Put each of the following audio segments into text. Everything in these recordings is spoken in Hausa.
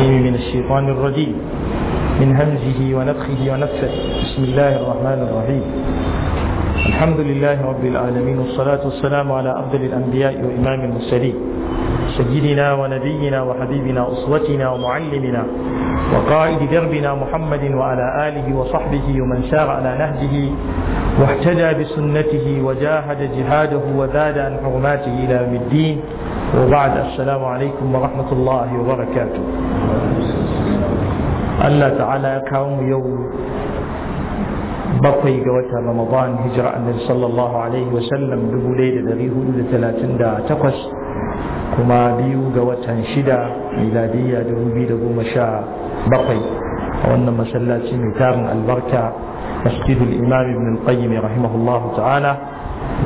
العليم من الشيطان الرجيم من همزه ونفخه ونفسه بسم الله الرحمن الرحيم الحمد لله رب العالمين والصلاة والسلام على أفضل الأنبياء وإمام المرسلين سيدنا ونبينا وحبيبنا أسوتنا ومعلمنا وقائد دربنا محمد وعلى آله وصحبه ومن سار على نهجه واهتدى بسنته وجاهد جهاده وزاد عن حرماته إلى يوم الدين وبعد السلام عليكم ورحمة الله وبركاته الله تعالى كوم يوم bakwai ga watan ramadan hijira annabi sallallahu alaihi wasallam dubu ɗaya da dari hudu da talatin da takwas kuma biyu ga watan shida miladiyya dubu biyu da goma sha bakwai a wannan masallaci mai tarin albarka masjidul imam ibn al-qayyim ta'ala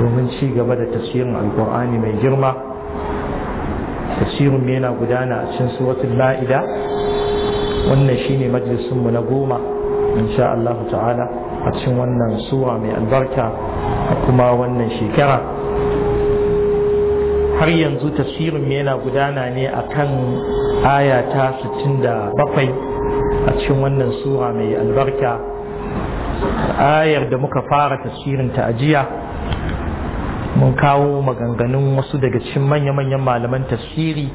domin ci gaba da tafsirin alkur'ani mai girma tasirin mu yana gudana a cikin suratul la'ida wannan shine majalisun mu na goma insha Allah ta'ala a cikin wannan sura mai albarka a kuma wannan shekara har yanzu tasirin mu yana gudana ne akan aya ta 67 a cikin wannan sura mai albarka ayar da muka fara tasirin ta ajiya mun kawo maganganun wasu daga cikin manya-manyan malaman tafsiri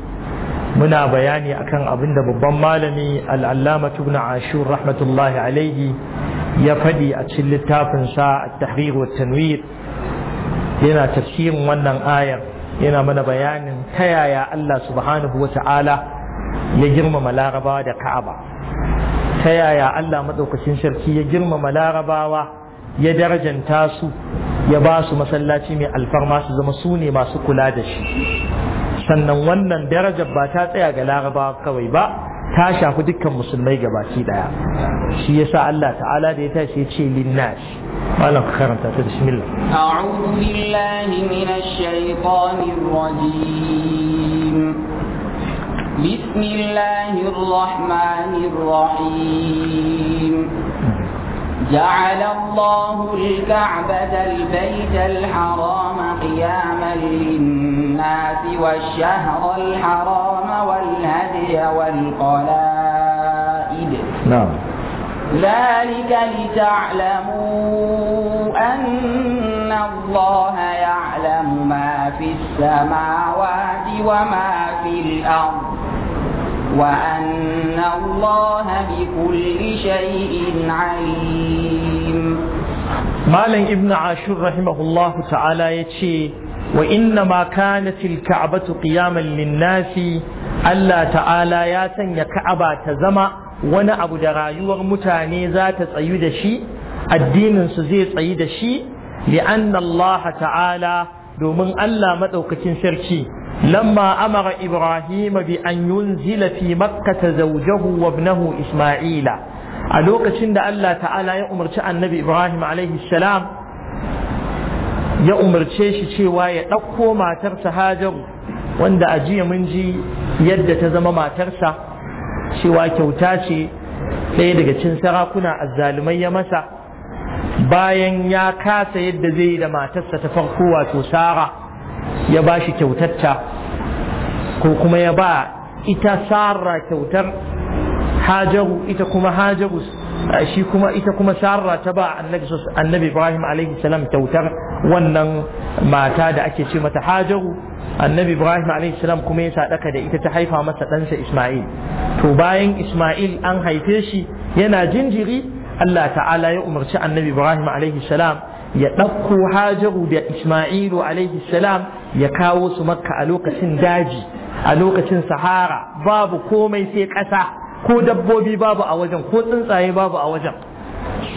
muna bayani akan abin da babban malami al'allama ibn ashur rahmatullahi alaihi ya faɗi a cikin littafin sa at-tahrir wa tanwir yana tafsirin wannan ayar yana mana bayanin ta yaya Allah subhanahu wa ta'ala ya girmama larabawa da ka'aba ta yaya Allah madaukakin sarki ya girmama larabawa ya darajanta su ya ba su masallaci mai alfarma su zama su ne masu kula da shi sannan wannan darajar ba ta tsaya ga laraba kawai ba ta shafi dukkan musulmai gabaki daya shi yasa Allah ta'ala da ya tashi ya ce linnas malam ka karanta ta bismillah a'udhu billahi minash shaitanir rajim bismillahir rahmanir rahim جعل الله الكعبة البيت الحرام قياما للناس والشهر الحرام والهدي والقلائد نعم ذلك لتعلموا أن الله يعلم ما في السماوات وما في الأرض وأن الله بكل شيء عليم مالن ابن عاشور رحمه الله تعالى يتشي وإنما كانت الكعبة قياما للناس الله تعالى ياتن يكعبة تزمى wani abu da rayuwar mutane za ta tsayu da shi addininsu zai tsayi da shi li'anna Allah ta'ala domin Allah maɗaukakin sarki لما أمر إبراهيم بأن ينزل في مكة زوجه وابنه إسماعيل ألوك شند الله تعالى يأمر النبي إبراهيم عليه السلام يأمر شيش شيوا يتقو ما ترسى هاجر وند أجي من جي يد تزم ما ترسى شيوا كوتاشي ɗaya daga cin sarakuna azzalumai ya masa bayan ya kasa yadda zai da matarsa ta farko wato sara ya ba shi kyautatta ko kuma ya ba ita sarra kyautar hajaru ita kuma hajaru shi kuma ita kuma sarra ta ba annabi ibrahim alaihi salam kyautar wannan mata da ake ce mata hajaru annabi ibrahim alaihi salam kuma ya sadaka da ita ta haifa masa ɗansa isma'il to bayan isma'il an haife shi yana jinjiri allah ta'ala ya umarci annabi ibrahim alaihi salam ya ɗauko hajaru da isma'ilu alaihi salam ya kawo su makka a lokacin daji a lokacin sahara babu komai sai ƙasa ko dabbobi babu a wajen ko tsuntsaye babu a wajen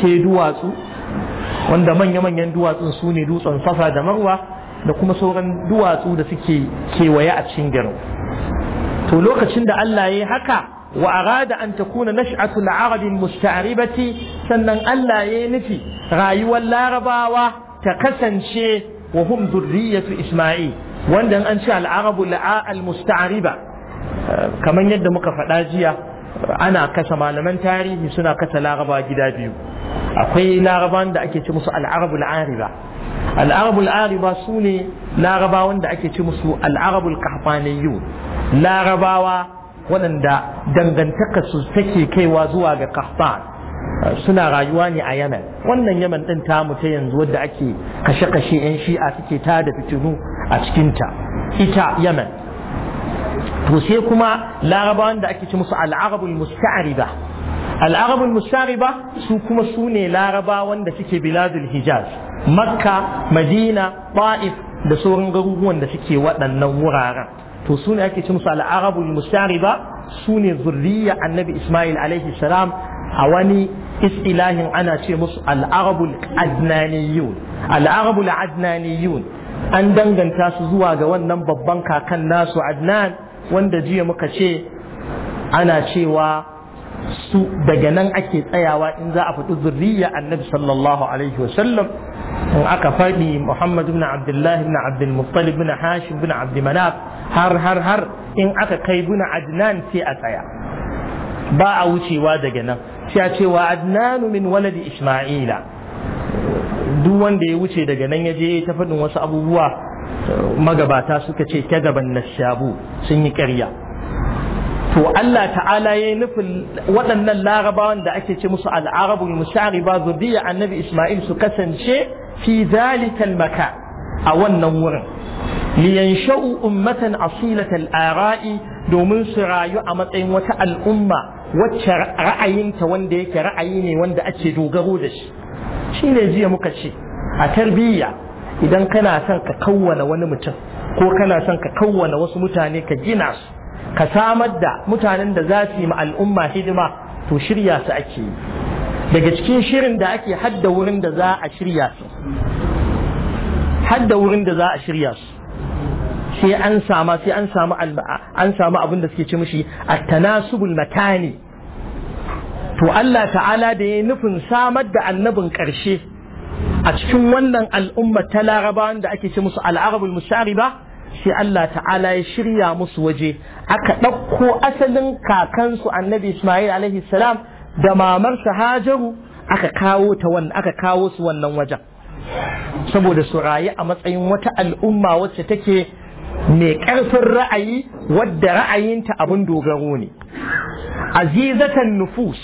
sai duwatsu wanda manya-manyan duwatsun su ne dutsen safa da marwa da kuma sauran duwatsu da suke kewaye a cikin garin to lokacin da Allah ya yi haka wa arada an takuna nash'atu al-arabi musta'ribati sannan Allah ya yi nufi rayuwar larabawa ta kasance wa hum zurriyatu isma'il wanda an ci al'arabu la'a al-musta'riba kamar yadda muka faɗa jiya ana kasa malaman tarihi suna kasa laraba gida biyu akwai laraban da ake ce musu al'arabu al'ariba al'arabu al'ariba su ne larabawan da ake ci musu al'arabu al-kahfaniyu larabawa waɗanda dangantakarsu take kaiwa zuwa ga kafa. suna rayuwa ne a yamen wannan yamen din tamu ta yanzu wadda ake kashe-kashe 'yan shi'a suke ta da fitinu a cikinta ita yamen to sai kuma larabawan da ake ci musu al'arabul musta'ariba al'arabul musta'ariba su kuma su ne larabawan da suke biladul hijaz makka madina ta'if da sauran garuruwan da suke waɗannan wuraren to su ne ake ci musu al'arabul musta'ariba su ne zurriya annabi ismail alaihi salam a wani istilahin ana ce musu al'arabul adnaniyun al'arabul adnaniyun an danganta su zuwa ga wannan babban kakan nasu adnan wanda jiya muka ce ana cewa su daga nan ake tsayawa in za a faɗi zurriya annabi sallallahu alaihi wasallam in aka faɗi muhammad ibn abdullah ibn abdul muttalib ibn hashim ibn abd manaf har har har in aka kai buna adnan sai a tsaya ba a wucewa daga nan sai a ce wa adnanu min waladi isma'ila duk wanda ya wuce daga nan ya je ta faɗin wasu abubuwa magabata suka ce kadaban nashabu sun yi ƙarya to Allah ta'ala ya yi nufin waɗannan larabawan da ake ce musu al'arabul mushariba zuriya annabi isma'il su kasance fi zalikal maka a wannan wurin liyansha'u ummatan asilatal ara'i domin su rayu a matsayin wata al'umma wacce ra'ayinta wanda yake ra'ayi ne wanda ake dogaro da shi shi ne jiya muka ce a tarbiyya idan kana son ka kawwana wani mutum ko kana son ka kawwana wasu mutane ka gina su ka samar da mutanen da za su yi ma al'umma hidima to shirya su ake yi daga cikin shirin da ake hadda wurin da za a shirya su hadda wurin da za a shirya su sai an sama sai an samu an samu abin da suke ci mishi at-tanasubul makani to Allah ta'ala da ya nufin samar da annabin ƙarshe a cikin wannan al'umma ta larabawan da ake ce musu al'arabul mushariba sai Allah ta'ala ya shirya musu waje aka ɗauko asalin kakansu annabi Ismail alaihi salam da mamarsa Hajaru aka kawo ta wannan aka kawo su wannan wajen saboda su rayu a matsayin wata al'umma wacce take mai ƙarfin ra'ayi wadda ra'ayinta abin dogaro ne azizatan nufus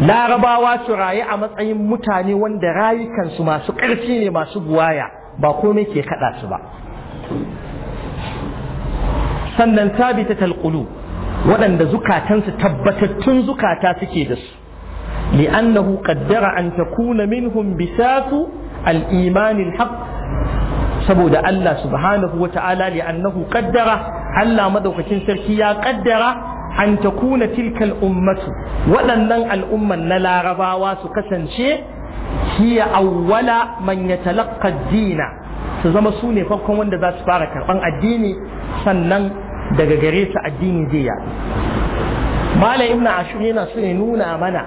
larabawa su rayu a matsayin mutane wanda rayukansu masu ƙarfi ne masu buwaya ba komai ke kaɗa su ba sannan sabita talƙulu waɗanda zukatansu tabbatattun zukata suke da su li'annahu qaddara an takuna minhum bisatu al-imanil haqq saboda Allah subhanahu wa ta'ala li'annahu qaddara Allah madaukakin sarki ya qaddara an ta kuna tilkal ummatu waɗannan al'umman na larabawa su kasance hiya awwala man ya dina su zama su ne farkon wanda za su fara karɓan addini sannan daga gare su addini zai yaɗu malam ibn ashur yana so ya nuna mana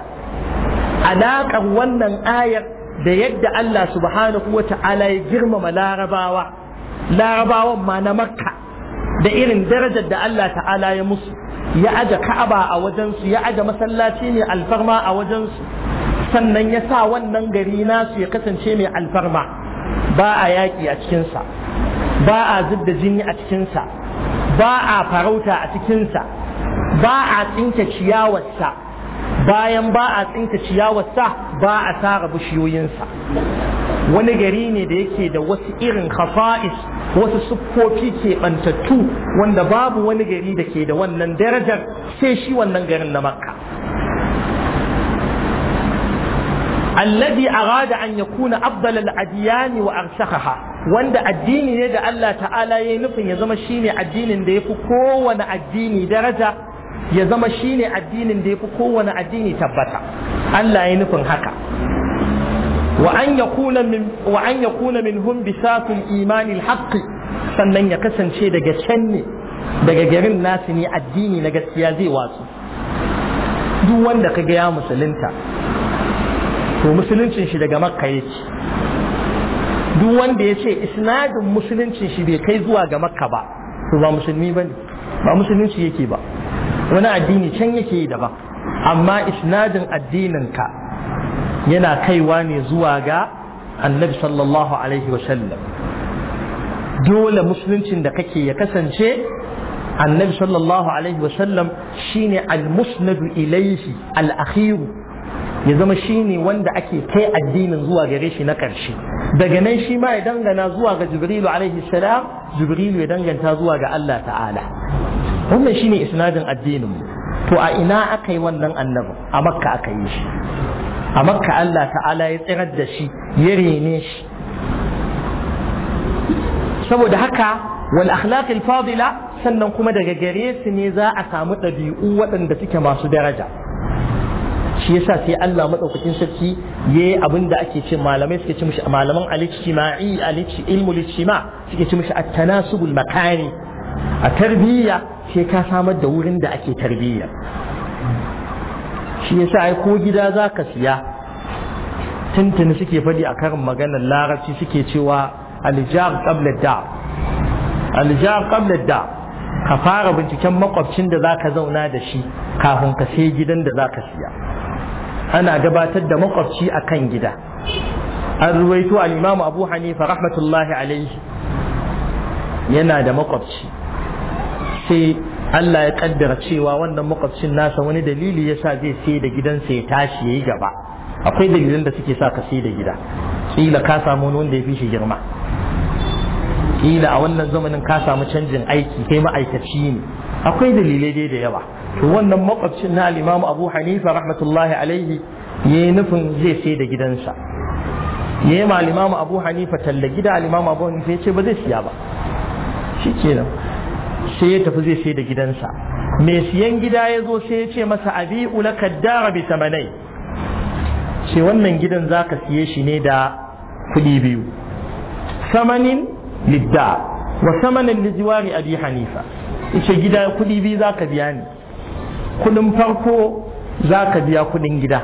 alaƙar wannan ayar da yadda Allah subhanahu wa ya girmama larabawa larabawan ma na makka da irin darajar da Allah ta'ala ya musu ya aje ka'aba a wajensu ya aje masallaci mai alfarma a wajensu sannan ya sa wannan gari nasu ya kasance mai alfarma ba a yaƙi a cikinsa ba a zubda jini a cikinsa ba a farauta a cikinsa ba a tsinke ciyawarsa bayan ba a tsinke ciyawarsa ba a sare bishiyoyinsa wani gari ne da yake da wasu irin khasa'is wasu siffofi ke bantattu wanda babu wani gari da ke da wannan darajar sai shi wannan garin na makka alladhi arada an yakuna afdal al-adyan wa arsakhaha wanda addini ne da Allah ta'ala yayi nufin ya zama shine addinin da yafi kowane addini daraja ya zama shine addinin da yafi kowane addini tabbata Allah yayi nufin haka wa an ya kuna min منهم بساط imanin haƙƙi sannan ya kasance daga can ne daga garin nasu ne addini na gaskiya zai watsu duk wanda ka gaya musulunta to musuluncin shi daga makka yake duk wanda ya ce isnadin musuluncin shi bai kai zuwa ga makka ba to ba musulmi ba ne ba musulunci yake ba wani addini can yake yi daban amma isnadin addininka yana kaiwa ne zuwa ga annabi sallallahu alaihi wasallam dole musuluncin da kake ya kasance annabi sallallahu alaihi wasallam shine al-musnadu ilaihi al-akhiru ya zama shine wanda ake kai addinin zuwa gare shi na karshe daga nan shi ma ya dangana zuwa ga jibrilu alaihi salam jibrilu ya danganta zuwa ga Allah ta'ala wannan shine isnadin addinin to a ina aka wannan annabin a makka aka yi shi a makka Allah ta'ala ya tsirar da shi ya rene shi saboda haka wal akhlaq al fadila sannan kuma daga gare su ne za a samu ɗabi'u waɗanda suke masu daraja shi yasa sai Allah madaukakin sarki yayi abin da ake ce malamai suke ce mishi malaman al-ijtima'i al-ilmu al-ijtima suke ce mishi at-tanasubul makani a tarbiyya sai ka samar da wurin da ake tarbiyya shi yasa ai ko gida za ka siya tuntuni suke faɗi a karin maganar larabci suke cewa Alijar qabla da Alijar qabla da ka fara binciken makwabcin da za ka zauna da shi kafin ka sai gidan da za ka siya ana gabatar da makwabci a kan gida an ruwaito al'imamu abu hanifa rahmatullahi alaihi yana da makwabci sai Allah ya kaddara cewa wannan makwabcin nasa wani dalili ya sa zai sai da gidansa ya tashi ya yi gaba akwai dalilan da suke sa ka sai da gida kila ka samu wani wanda ya fi shi girma kila a wannan zamanin ka samu canjin aiki kai ma'aikaci ne akwai dalilai dai da yawa to wannan makwabcin na al Abu Hanifa rahmatullahi alaihi yayi nufin zai sai da gidansa yayi ma al Abu Hanifa talla gida al Abu Hanifa ya ce ba zai siya ba shi kenan. sai ya tafi zai sai da gidansa mai siyan gida ya zo sai ya ce masa abi ulaka dara bi tamanai ce wannan gidan za ka siye shi ne da kuɗi biyu samanin lidda wa samanin lijiwari abi hanifa ce gida kuɗi biyu za ka biya ni kuɗin farko za ka biya kuɗin gida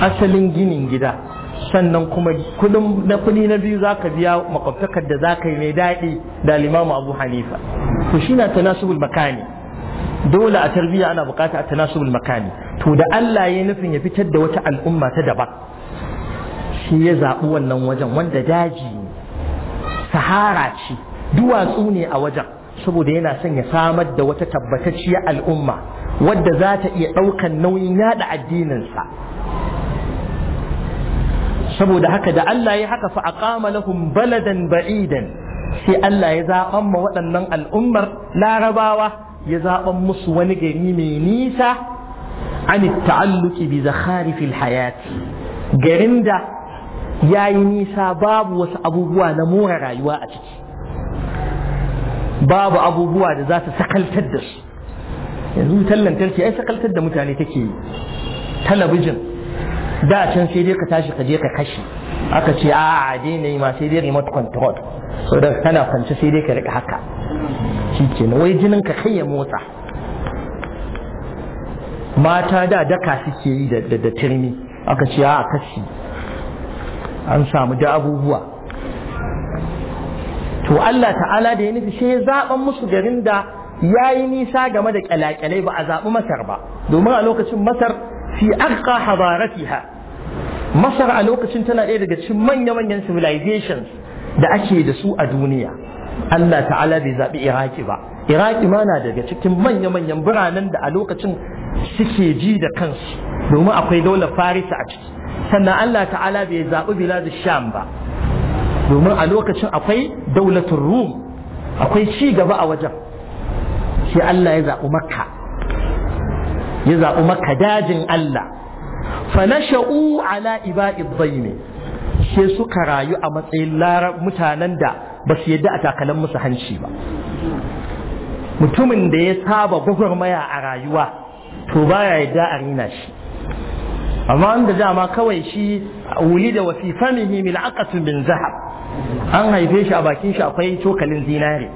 asalin ginin gida sannan kuma kudin na kudi na biyu zaka biya makwabtakar da zaka yi mai daɗi da limamu abu hanifa to shi na tanasubul makani dole a tarbiyya ana bukata a tanasubul makani to da Allah ya nufin ya fitar da wata al'umma ta daban shi ya zaɓi wannan wajen wanda daji ne sahara ce duwatsu ne a wajen saboda yana son ya samar da wata tabbatacciyar al'umma wadda za ta iya ɗaukan nauyin yaɗa addininsa saboda haka da Allah ya haka fa lahum baladan ba'idan sai Allah ya zaɓan ma waɗannan al'ummar larabawa ya zaɓan musu wani gari mai nisa an ta'alluki bi fil hayati garin da yayi nisa babu wasu abubuwa na more rayuwa a ciki babu abubuwa da za su sakaltar da su yanzu wutar lantarki ai sakaltar da mutane take yi talabijin da can sai dai ka tashi ka je ka kashe aka ce a a daina yi ma sai dai remote control so da kana kwance sai dai ka rika haka shi ke wai jinin ka kai ya motsa mata da daka suke yi da turmi aka ce a kashi an samu da abubuwa to Allah ta'ala da ya nufi sai ya zaɓan musu garin da ya yi nisa game da kyalakyalai ba a zaɓi masar ba domin a lokacin masar fi arqa habaratiha masar a lokacin tana ɗaya daga cikin manya-manyan civilizations da ake da su a duniya Allah ta'ala bai zaɓi iraki ba iraki ma na daga cikin manya-manyan biranen da a lokacin suke ji da kansu domin akwai daular farisa a ciki sannan Allah ta'ala bai zaɓi bilad sham ba domin a lokacin akwai daulatin rum akwai ci gaba a wajen sai Allah ya zaɓi makka ya zaɓi maka dajin Allah fanasha'u ala iba'i ne sai suka rayu a matsayin mutanen da ba su yadda a takalan musu hanci ba mutumin da ya saba gwagwarmaya a rayuwa to baya yadda a rina shi amma da dama kawai shi wuli da wafi famihi min aqatun bin zahab an haife shi a bakin shi akwai cokalin zinare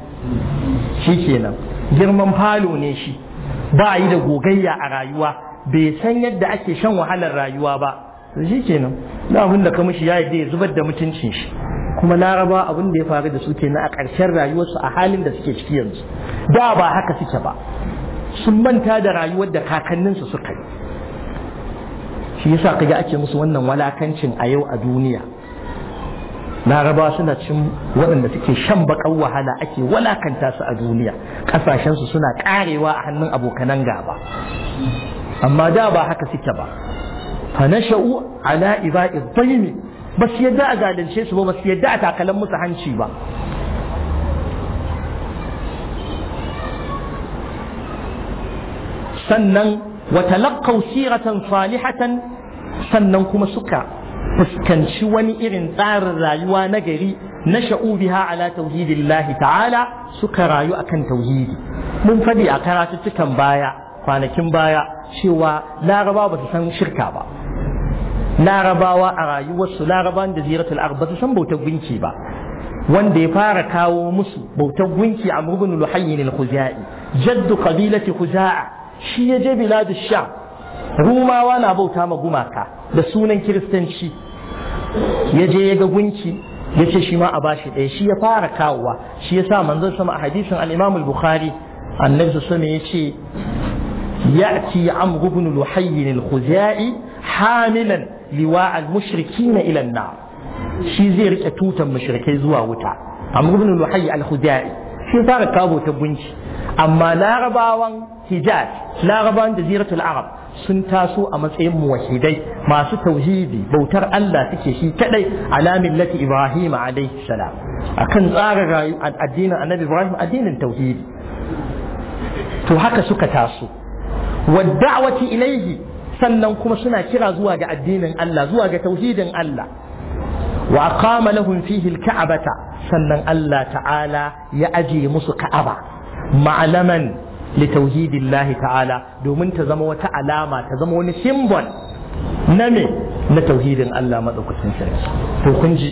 shi kenan girman falo ne shi ba yi da gogayya a rayuwa bai san yadda ake shan wahalar rayuwa ba shi kenan da abin da kamishi ya yi ya zubar da mutuncin shi kuma laraba abin da ya faru da su kenan a ƙarshen rayuwarsu a halin da suke ciki yanzu da ba haka suke ba sun manta da rayuwar da kakanninsu suka yi shi yasa kaga ake musu wannan walakancin a yau a duniya laraba suna cin waɗanda suke shan baƙar wahala ake walakanta su a duniya ƙasashensu suna ƙarewa a hannun abokanan gaba amma da ba haka suke ba fa nasha'u ala iba'i dhaymi ba su yadda a zalunce su ba ba su yadda a takalan musu hanci ba sannan wa talaqqaw siratan salihatan sannan kuma suka fuskanci wani irin tsarin rayuwa na gari na sha'ubiha ala tauhidillahi ta'ala suka rayu akan tauhidi mun faɗi a karatuttukan baya kwanakin baya cewa laraba ba su san shirka ba larabawa a rayuwarsu laraban da ziratul arba ba su san bautar gunki ba wanda ya fara kawo musu bautar gunki a murgun luhayyin al-khuzai jaddu qabilati khuza'a shi ya je biladu sham rumawa na bauta ma gumaka da sunan kiristanci ya je ya ga gunki ya ce shi ma a bashi ɗaya shi ya fara kawowa shi ya sa manzon sama a hadisin al-imam al-bukhari annabi sallallahu ya ce ya'ti amr ibn luhayy al-khuzai hamilan liwa al-mushrikin ila an-nar shi zai rike tutan mushrikai zuwa wuta amr ibn luhayy al-khuzai shi fara kawo ta gunki amma larabawan hijaz larabawan jaziratul arab sun taso a matsayin muwahidai masu tauhidi bautar Allah suke shi kadai ala millati Ibrahim alaihi salam akan tsara addinin Annabi Ibrahim addinin tauhidi to haka suka taso wadda'wati ilaihi sannan kuma suna kira zuwa ga addinin Allah zuwa ga tauhidin Allah wa aqama lahum fihi alka'bata sannan Allah ta'ala ya aje musu ka'aba ma'alaman li tauhidillahi ta'ala domin ta zama wata alama ta zama wani simbol na me na tauhidin Allah madaukakin sarki to kun ji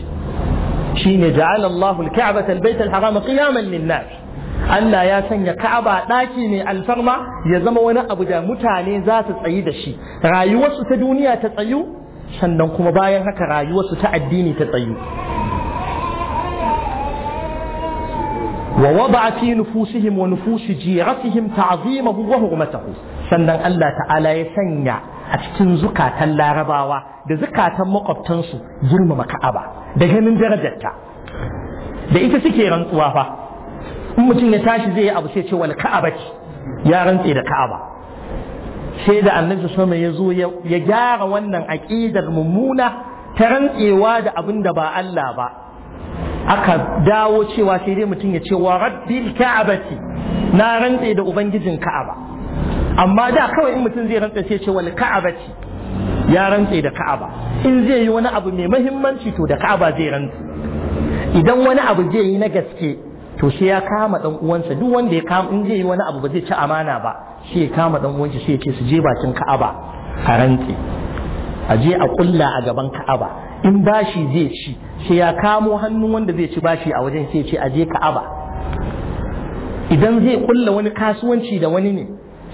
shine ja'ala Allahu al-ka'bata al-bayt al-harama qiyaman lin-nas Allah ya sanya Ka'aba ɗaki mai alfarma ya zama wani abu da mutane za su tsayi da shi rayuwarsu ta duniya ta tsayu sannan kuma bayan haka rayuwarsu ta addini ta tsayu ووضع في نفوسهم ونفوس جيرتهم تعظيمه وهرمته sannan Allah ta'ala ya sanya a cikin zukatan larabawa da zukatan makwabtansu girmama ka'aba da ganin darajarta da ita suke rantsuwa fa in mutum ya tashi zai yi abu sai ce wal ka'aba ya rantse da ka'aba sai da annabi sama ya zo ya gyara wannan aqidar mummuna ta rantsewa da abinda ba Allah ba aka dawo cewa sai dai mutum ya ce wa rabbil ka'abati na rantse da ubangijin ka'aba amma da kawai in mutum zai rantse sai ce wal ka'abati ya rantse da ka'aba in zai yi wani abu mai muhimmanci to da ka'aba zai rantse idan wani abu zai yi na gaske to sai ya kama dan uwansa duk wanda ya kama in zai yi wani abu ba zai ci amana ba sai ya kama dan uwansa sai ya ce su je bakin ka'aba a rantse a je a kulla a gaban ka'aba in bashi zai ci sai ya kamo hannun wanda zai ci bashi a wajen sai ce aje ka'aba idan zai kulla wani kasuwanci da wani ne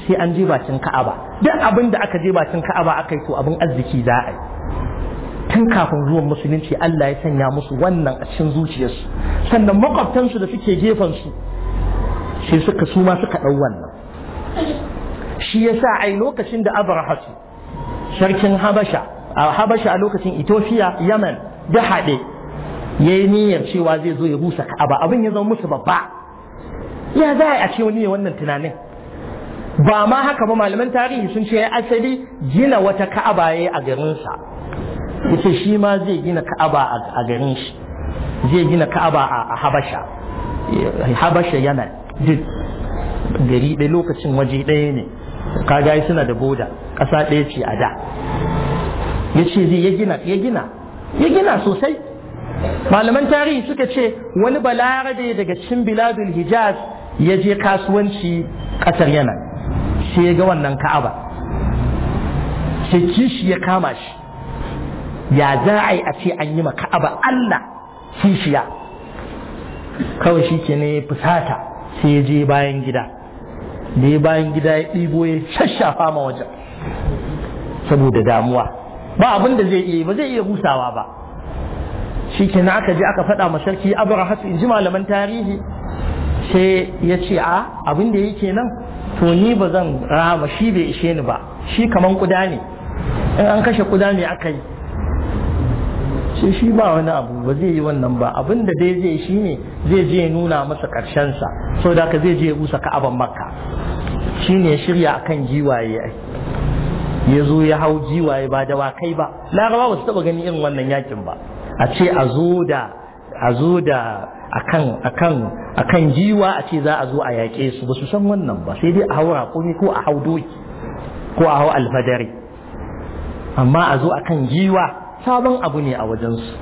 sai an je bakin ka'aba duk abin da aka je bakin ka'aba aka yi to abin arziki za a yi tun kafin zuwan musulunci Allah ya sanya musu wannan a cikin zuciyarsu sannan makwabtansu da suke gefen su sai suka suma suka ɗau wannan shi yasa ai lokacin da abrahatu sarkin habasha a habasha a lokacin ethiopia yaman da haɗe ya yi niyyar cewa zai zo ya rusa ka'aba abin ya zama musu babba ya za a ce wani wannan tunanin ba ma haka ba malaman tarihi sun ce asali gina wata ka'aba ya a garinsa yace shi ma zai gina ka'aba a garin shi zai gina ka'aba a habasha habasha yana duk gari ɗaya lokacin waje ɗaya ne kaga suna da boda ƙasa ɗaya ce a da ya ce zai ya gina ya gina ya gina sosai malaman tarihi suka ce wani balarabe daga cikin biladul hijaz ya je kasuwanci ƙasar yana sai ya ga wannan ka'aba sai kishi ya kama shi ya za a yi a ce an yi ma ka'aba allah kishiya kawai shi ke ne fusata sai ya je bayan gida ne bayan gida ya ɗibo ya shashafa ma wajen saboda damuwa ba abin da zai iya ba zai iya husawa ba shi na aka je aka faɗa ma sarki abrahatu in ji malaman tarihi sai ya ce a abin da yake nan to ni ba zan rama shi bai ishe ni ba shi kaman kuda ne in an kashe kuda ne aka yi sai shi ba wani abu ba zai yi wannan ba abin da dai zai shi ne zai je nuna masa sa sau da ka zai je rusa ka'aban makka shi ne shirya akan giwaye ya zo ya hau giwaye ba da wakai ba larabawa ba su taba ganin irin wannan yakin ba a ce a zo da a zo da akan akan akan jiwa a ce za a zo a yaƙe su ba su san wannan ba sai dai a hau raƙumi ko a hau doki ko a hau alfadari amma a zo akan jiwa sabon abu ne a wajensu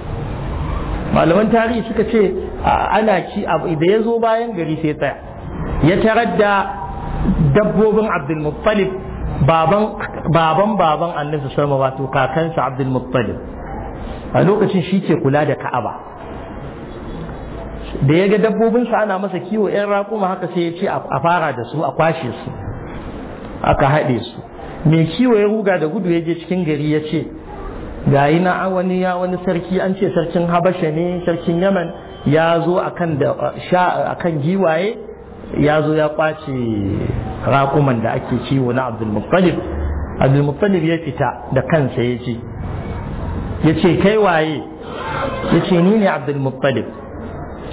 malaman tarihi suka ce ana ci abu, da ya zo bayan gari sai tsaya ya tarar da dabbobin abdulmuttalib baban baban annabi wasallam wato kakansa abdulmuttalib a lokacin shi ke kula da ka'aba da ya ga sa ana masa kiwo 'yan rakuma haka sai ya ce a fara da su a kwashe su aka haɗe su mai kiwo ya ruga da gudu ya je cikin gari ya ce ga yi na wani ya wani sarki an ce sarkin habasha ne sarkin yaman ya zo a kan giwaye ya zo ya kwace rakuman da ake kiwo na abdulmuttalib abdulmuttalib ya fita da kansa ya ce ya ce kai waye ya ce ni ne abdulmuttalib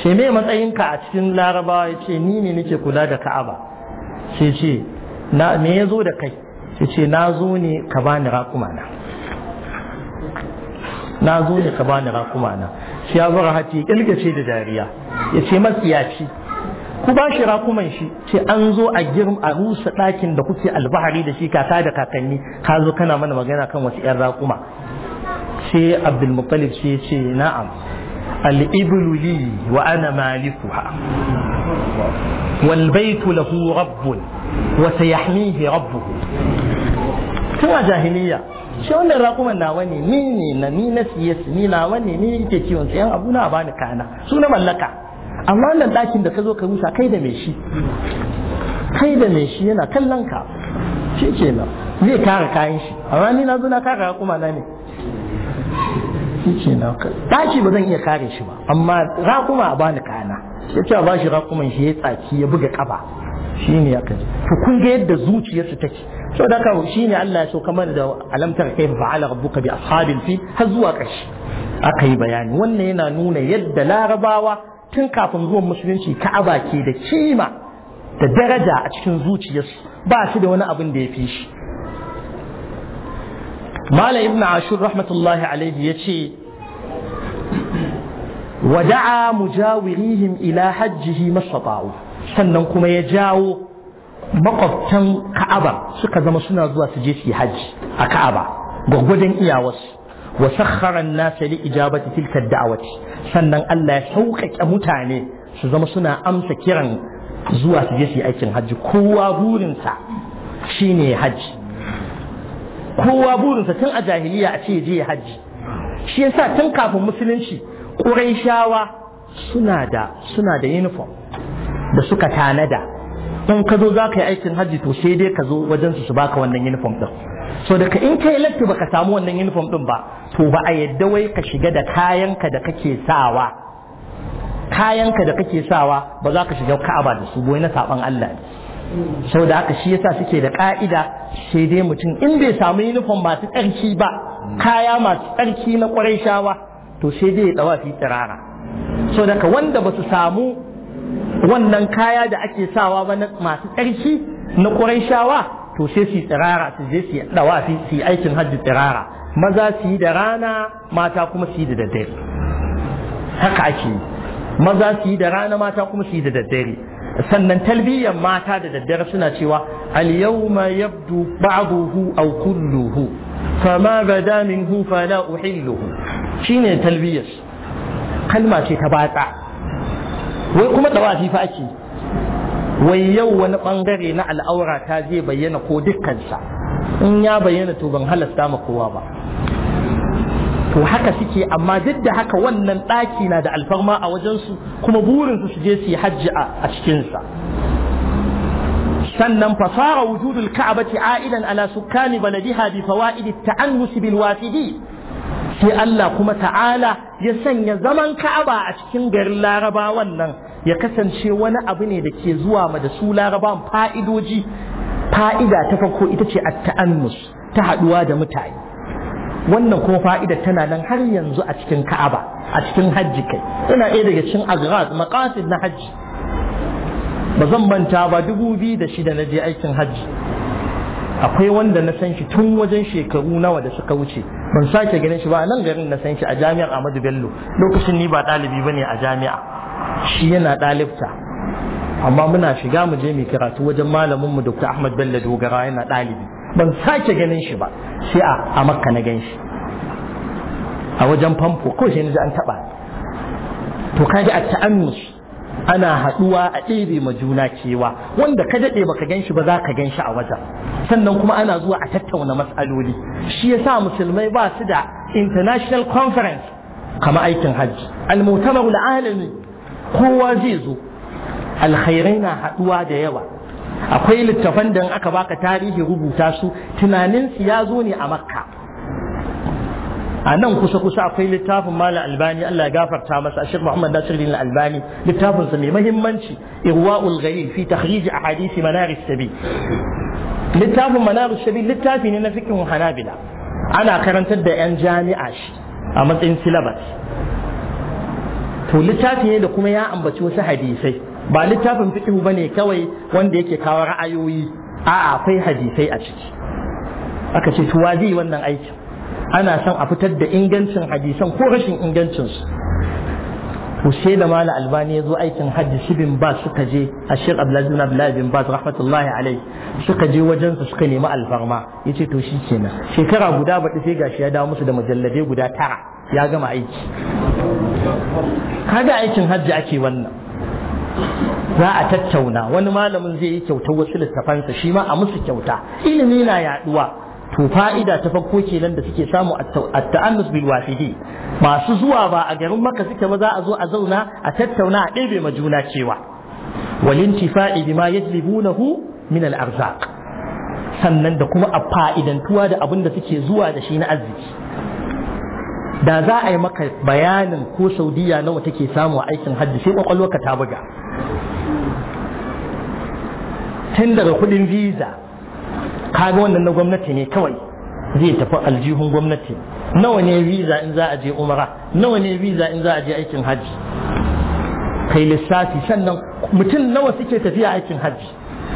ce me matsayinka a cikin larabawa ya ce ni ne nake kula da ka'aba sai ce me ya zo da kai sai ce na zo ne ka bani raƙumana na zo ne ka bani raƙumana shi ya zura hati da dariya ya ce matsiyaci ku ba shi rakuman shi ce an zo a girm a rusa ɗakin da kuke albahari da shi kaka da kakanni ka zo kana mana magana kan wasu 'yan rakuma sai abdul muttalib ya ce na'am al-iblu li wa ana malikuha wal baytu lahu rabbun wa sayahmihi rabbuhu tana jahiliya shi wannan raƙuman na ne ni ne na ni na siye su ni na ne ni yake kiwon su yan abu na bani kana su na mallaka amma wannan ɗakin da ka zo ka rusa kai da mai shi kai da mai shi yana kallon ka shi ke nan zai kare kayan shi amma ni na zo na kare raƙuma na ne shi ke ba zan iya kare shi ba amma raƙuma a bani kana ya ce a ba shi rakuman shi ya tsaki ya buga kaba. shi ne ya kaji to kun yadda zuciyarsu take sau da kawo shi ne Allah ya so kamar da alamtar kai fa'ala rabbuka bi ashabil fi har zuwa kashi. aka yi bayani wannan yana nuna yadda larabawa tun kafin zuwan musulunci ka'aba ke da kima da daraja a cikin zuciyarsu ba shi da wani abin da ya fi shi mala ibn ashur rahmatullahi alaihi ya ce wada'a mujawirihim ila hajjihi mastata'u sannan kuma ya jawo makwabtan ka'aba suka zama suna zuwa su je su yi hajji a ka'aba gwaggwadon iyawarsu wa sakhara an ija li ijabati tilka ad sannan Allah ya sauƙaƙe mutane su zama suna amsa kiran zuwa su je su yi aikin hajji kowa burinsa shine hajji kowa burinsa tun a jahiliya a ce je hajji shi yasa tun kafin musulunci shawa suna da suna da uniform da suka tanada in ka zo za ka yi aikin hajji to sai dai ka zo wajen su baka wannan uniform din so daga in kai latti baka samu wannan uniform din ba to ba a yadda wai ka shiga da kayanka da kake sawa ka da kake sawa ba za ka shiga ka'aba da su boye na saban Allah ne saboda haka shi yasa suke da ka'ida sai dai mutum in bai samu yunifon masu tsarki ba kaya masu tsarki na kwarai shawa to sai dai ya tsawa fi tsirara saboda ka wanda ba su samu wannan kaya da ake sawa ba na masu tsarki na kwarai shawa to sai su tsirara su je su dawa fi su aikin hajji tsirara maza su yi da rana mata kuma su yi da daddare haka ake yi maza su yi da rana mata kuma su yi da daddare sannan talbiyyar mata da daddare suna cewa al-yawma yabdu ba'duhu aw kulluhu fama bada minhu fala uhilluhu shine talbiyyar kalma ce ta batsa wai kuma dawafi fa ake wai yau wani bangare na al'aura ta zai bayyana ko sa, in ya bayyana to ban halasta ma kowa ba to haka suke amma duk da haka wannan ɗaki na da alfarma a wajensu kuma burinsu su je su yi hajji a cikinsa sannan fasara wujudul ka'abati a'idan ala sukkani baladiha bi fawaidi ta'annus bil wafidi sai Allah kuma ta'ala ya sanya zaman ka'aba a cikin garin Laraba wannan ya kasance wani abu ne da ke zuwa ma da su larabawan fa'idoji fa'ida ta farko ita ce at ta'annus ta haɗuwa da mutane wannan ko fa'idar tana nan har yanzu a cikin ka'aba a cikin hajji kai ina ɗaya daga cikin agraz maqasid na hajji ba zan manta ba dubu biyu da shida na je aikin hajji akwai wanda na san shi tun wajen shekaru nawa da suka wuce ban sake ganin shi ba nan garin na san shi a jami'ar Ahmadu Bello lokacin ni ba ɗalibi bane a jami'a shi yana ɗalibta amma muna shiga mu je mu karatu wajen malamin mu Dr. Ahmad Bello Dogara yana ɗalibi ban sake ganin shi ba sai a makka na gan shi a wajen famfo kawai sai ji an taɓa to kaji a ta'annus ana haɗuwa a ɗebe ma juna cewa wanda ka daɗe baka gan shi ba za ka gan shi a wajen sannan kuma ana zuwa a tattauna matsaloli shi yasa musulmai ba su da international conference kama aikin hajji al-mu'tamar alami kowa zai zo alkhairai na haɗuwa da yawa akwai littafan da aka baka tarihi rubuta su tunaninsu ya zo ne a makka a nan kusa kusa akwai littafin mala albani Allah ya gafarta masa Sheikh Muhammad Nasiruddin Albani littafinsa mai muhimmanci irwa, Ghalil fi a ahadith manaris sabi littafin manaris sabi littafi ne na fikin Hanabila ana karantar da yan jami'a shi a matsayin syllabus to littafi ne da kuma ya ambaci wasu hadisai ba littafin fiqh bane kawai wanda yake kawo ra'ayoyi a'a akwai hadisai a ciki aka ce to zai wannan aiki ana son a fitar da ingancin hadisan ko rashin ingancin su to sai da mala albani ya aikin hajji Shibin ba suka je a shek abdullahi bin abdullahi bin ba rahmatullahi alai suka je su suka nemi alfarma ya ce to shi kenan shekara guda baɗi sai gashi ya dawo musu da mujalladai guda tara ya gama aiki kaga aikin hajji ake wannan za a tattauna wani malamin zai yi kyauta wasu littafansa shi ma a musu kyauta ilimi na yaduwa to fa'ida ta farko kenan da suke samu a taannus bil wahidi masu zuwa ba a garin maka suke ba za a zo a zauna a tattauna a ɗebe ma juna cewa walintifa'i bima yajlibunahu min al-arzaq sannan da kuma a fa'idantuwa da abin da suke zuwa da shi na arziki da za a yi maka bayanin ko saudiya nawa take samu aikin hajji sai kwakwalwa ka ta buga tun daga kudin visa kaga wannan na gwamnati ne kawai zai tafi aljihun gwamnati nawa ne visa in za a je umara nawa ne visa in za a je aikin hajji kai lissafi sannan mutum nawa suke tafiya aikin hajji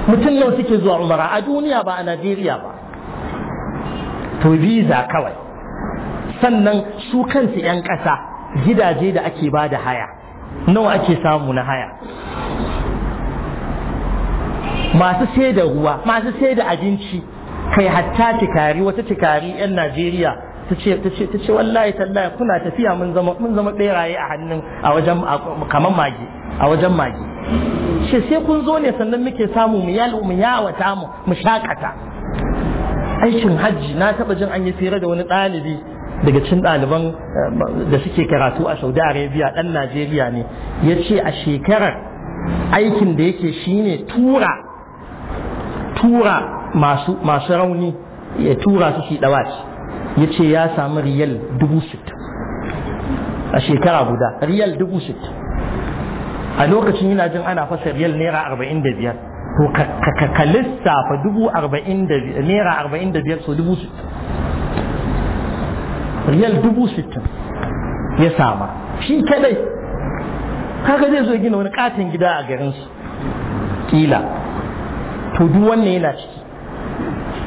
mutum nawa suke zuwa umara a duniya ba a najeriya ba to visa kawai sannan su kansu 'yan ƙasa gidaje da ake ba da haya nawa ake samu na haya masu sai da ruwa masu sai da abinci kai hatta tikari wata tikari 'yan najeriya ta ce wallahi tallahi kuna tafiya mun zama mun zama a hannun a wajen kaman mage a wajen mage shi sai kun zo ne sannan muke samu mu mu yawata mu mu shakata aikin hajji na taɓa jin an yi fira da wani ɗalibi daga cin ɗaliban eh, da suke karatu a saudi arabia ɗan najeriya ne ya ce a shekarar aikin da yake shine tura tura masu rauni ya tura su shi ɗawaci ya ce ya samu riyal dubu sittin a shekara guda riyal dubu sittin a lokacin yana jin ana fasa riyal naira arba'in da biyar to ka lissafa dubu arba'in da naira arba'in da biyar so dubu sittin riyal dubu sittin ya sama shi kadai kaga zai zo gina wani katin gida a garinsu kila to duk wannan yana ciki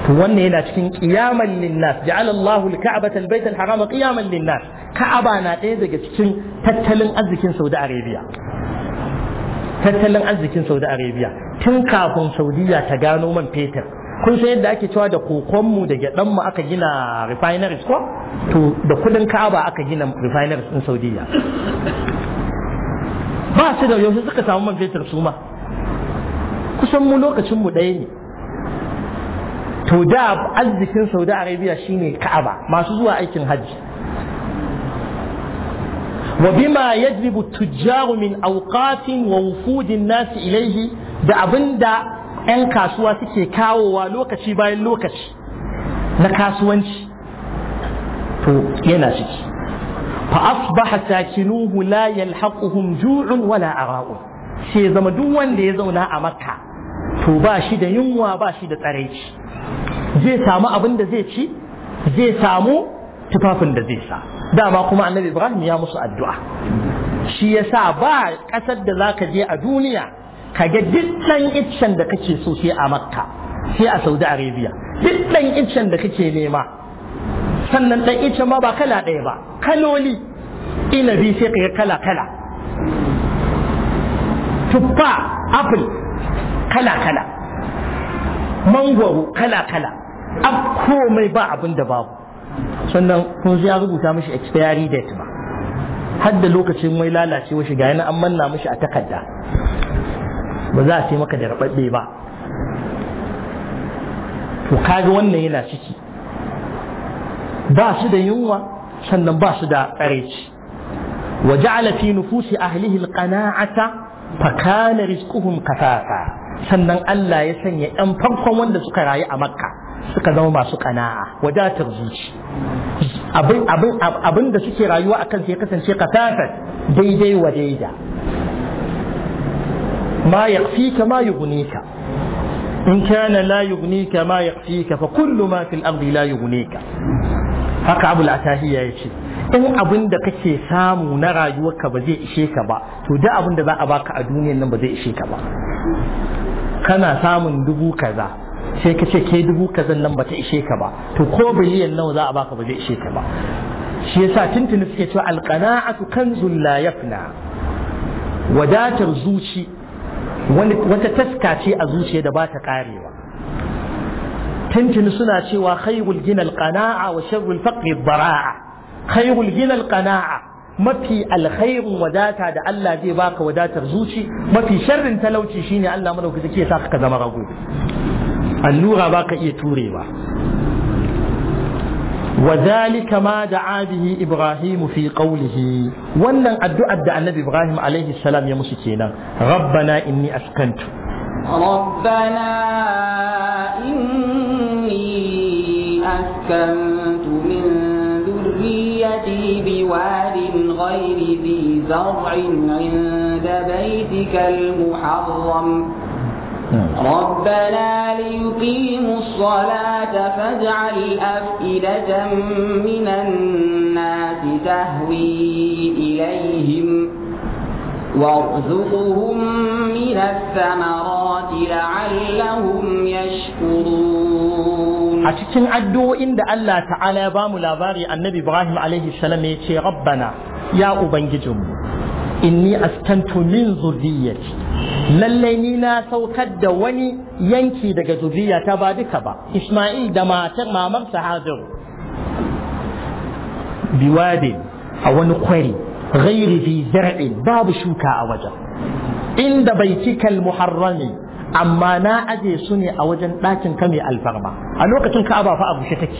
to wannan yana cikin qiyamal linnas ja'ala Allahu al-ka'bata al harama qiyaman linnas ka'aba na ɗaya daga cikin tattalin arzikin Saudi Arabia tattalin arzikin Saudi Arabia tun kafin Saudiya ta gano man fetur kun san yadda ake cewa da kokonmu da gyaɗanmu aka gina refineries ko to da kudin ka'aba aka gina refineries in saudiya ba su da yaushe suka samu man fetur su ma kusan mu lokacin mu ɗaya ne to da arzikin saudi arabia shine ka'aba masu zuwa aikin hajji وبما يجلب التجار من أوقات ووفود الناس إليه da abin da 'yan kasuwa suke kawowa lokaci bayan lokaci na kasuwanci to yana ciki fa asbaha sakinuhu la yalhaquhum ju'un wala ara'un sai zama duk wanda ya zauna a makka to ba shi da yunwa ba shi da tsaraici zai samu abin da zai ci zai samu tufafin da zai sa dama kuma annabi ibrahim ya musu addu'a shi yasa ba ƙasar da zaka je a duniya ka ga dukkan iccen da kake so sai a makka sai a saudi arabia dukkan iccen da kake nema sannan dan iccen ma ba kala ɗaya ba kaloli ina inabi sai ka ga kala kala tuffa apple kala kala mangwaro kala kala ab mai ba abin da babu sannan kun ya rubuta mishi expiry date ba har da lokacin mai lalacewa shiga yana an manna mishi a takarda ba za a sai maka da rababbe ba to kaga wannan yana ciki ba su da yunwa sannan ba su da ƙareci wa ja'ala fi nufusi ahlihi alqana'ata fa kana rizquhum kafafa sannan Allah ya sanya ɗan farkon wanda suka rayu a makka suka zama masu ƙana'a wadatar zuci abin da suke rayuwa akan sai kasance kafafa daidai wa daida ما يخفيك ما يغنيك إن كان لا يغنيك ما يخفيك فكل ما في الأرض لا يغنيك haka abu latahiya ya ce in abin da kake samu na rayuwarka ba zai ishe ka ba to duk abin da za a baka a duniyan nan ba zai ishe ka ba kana samun dubu kaza sai ka ce ke dubu kazan nan ba ta ishe ka ba to ko biliyan nawa za a baka ba zai ishe ka ba shi yasa tuntuni suke cewa alqana'atu kanzul la yafna wadatar zuci wani wata taska ce a zuciya da ba ta karewa tantini suna cewa khairul ginal qana'a wa sharrul faqri bara'a khairul ginal qana'a mafi alkhairin wadata da Allah zai baka wadatar zuci mafi sharrin talauci shine Allah madaukaki ke sa ka zama rago allura baka iya turewa وذلك ما دعا به إبراهيم في قوله وأن أدعى النبي إبراهيم عليه السلام يا مسكينا ربنا إني أسكنت ربنا إني أسكنت من ذريتي بواد غير ذي زرع عند بيتك المحرم نعم. ربنا ليقيموا الصلاة فاجعل أفئدة من الناس تهوي إليهم وارزقهم من الثمرات لعلهم يشكرون أتكين أدو إن الله تعالى بام لاباري النبي إبراهيم عليه السلام يتي ربنا يا أبنجم إني أسكنت من ذريتي lallai ni na saukar da wani yanki daga zuriya ta ba duka ba Isma'il da matar mamar Hajar Biwadin a wani kwari ghairi bi zar'in babu shuka a wajen inda bai kal muharrami amma na aje su ne a wajen ɗakin ka mai alfarma a lokacin ka'aba fa abushe take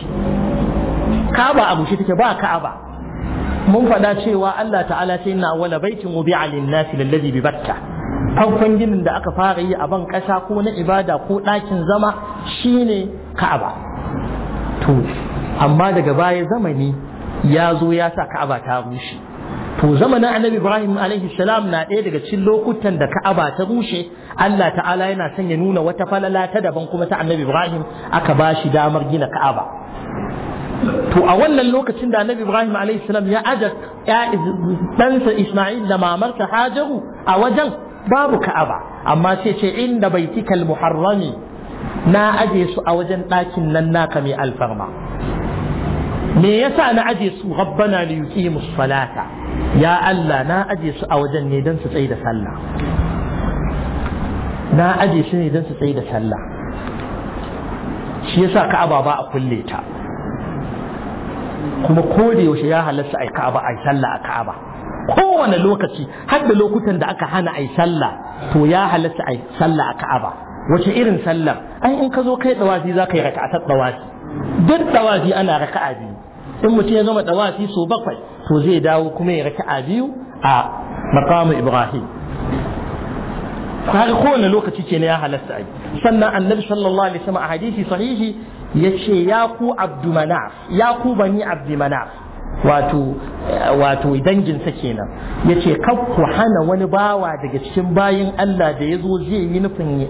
ka'aba bushe take ba ka'aba mun faɗa cewa Allah ta'ala sai na wala baitin wubi'a lin nasi lallazi bi batta farkon ginin da aka fara yi a ban kasa ko na ibada ko ɗakin zama shine ka'aba to amma daga baya zamani ya zo ya sa ka'aba ta rushe to zamanin annabi ibrahim alaihi na ɗaya daga cikin lokutan da ka'aba ta rushe allah ta'ala yana son ya nuna wata falala ta daban kuma ta annabi ibrahim aka ba shi damar gina ka'aba to a wannan lokacin da annabi ibrahim alaihi salam ya aja ɗansa isma'il da mamarsa hajaru a wajen babu ka'aba amma sai ce inda baitikal muharrami na aje su a wajen ɗakin nan naka mai alfarma me yasa na aje su rabbana li yuqimu salata ya Allah na aje su a wajen ne dan su tsaye da sallah na aje su ne dan su tsaye da sallah shi yasa ka'aba ba a kulle ta kuma ko da yaushe ya halasta ai ka'aba a sallah a ka'aba kowane lokaci har da lokutan da aka hana ai sallah to ya halatta ai sallah a Ka'aba wace irin sallah ai in ka zo kai dawafi za ka yi raka'atar dawafi duk dawafi ana raka'a biyu in mutum ya zama dawafi so bakwai to zai dawo kuma ya raka'a biyu a maqamu Ibrahim har kowane lokaci ce ne ya halatta ai sannan annabi sallallahu alaihi wasallam a hadisi sahihi yace ya ku abdu manaf ya ku bani abdu manaf wato wato danginsa kenan yace ce ku hana wani bawa daga cikin bayin Allah da ya zo zai yi nufin ya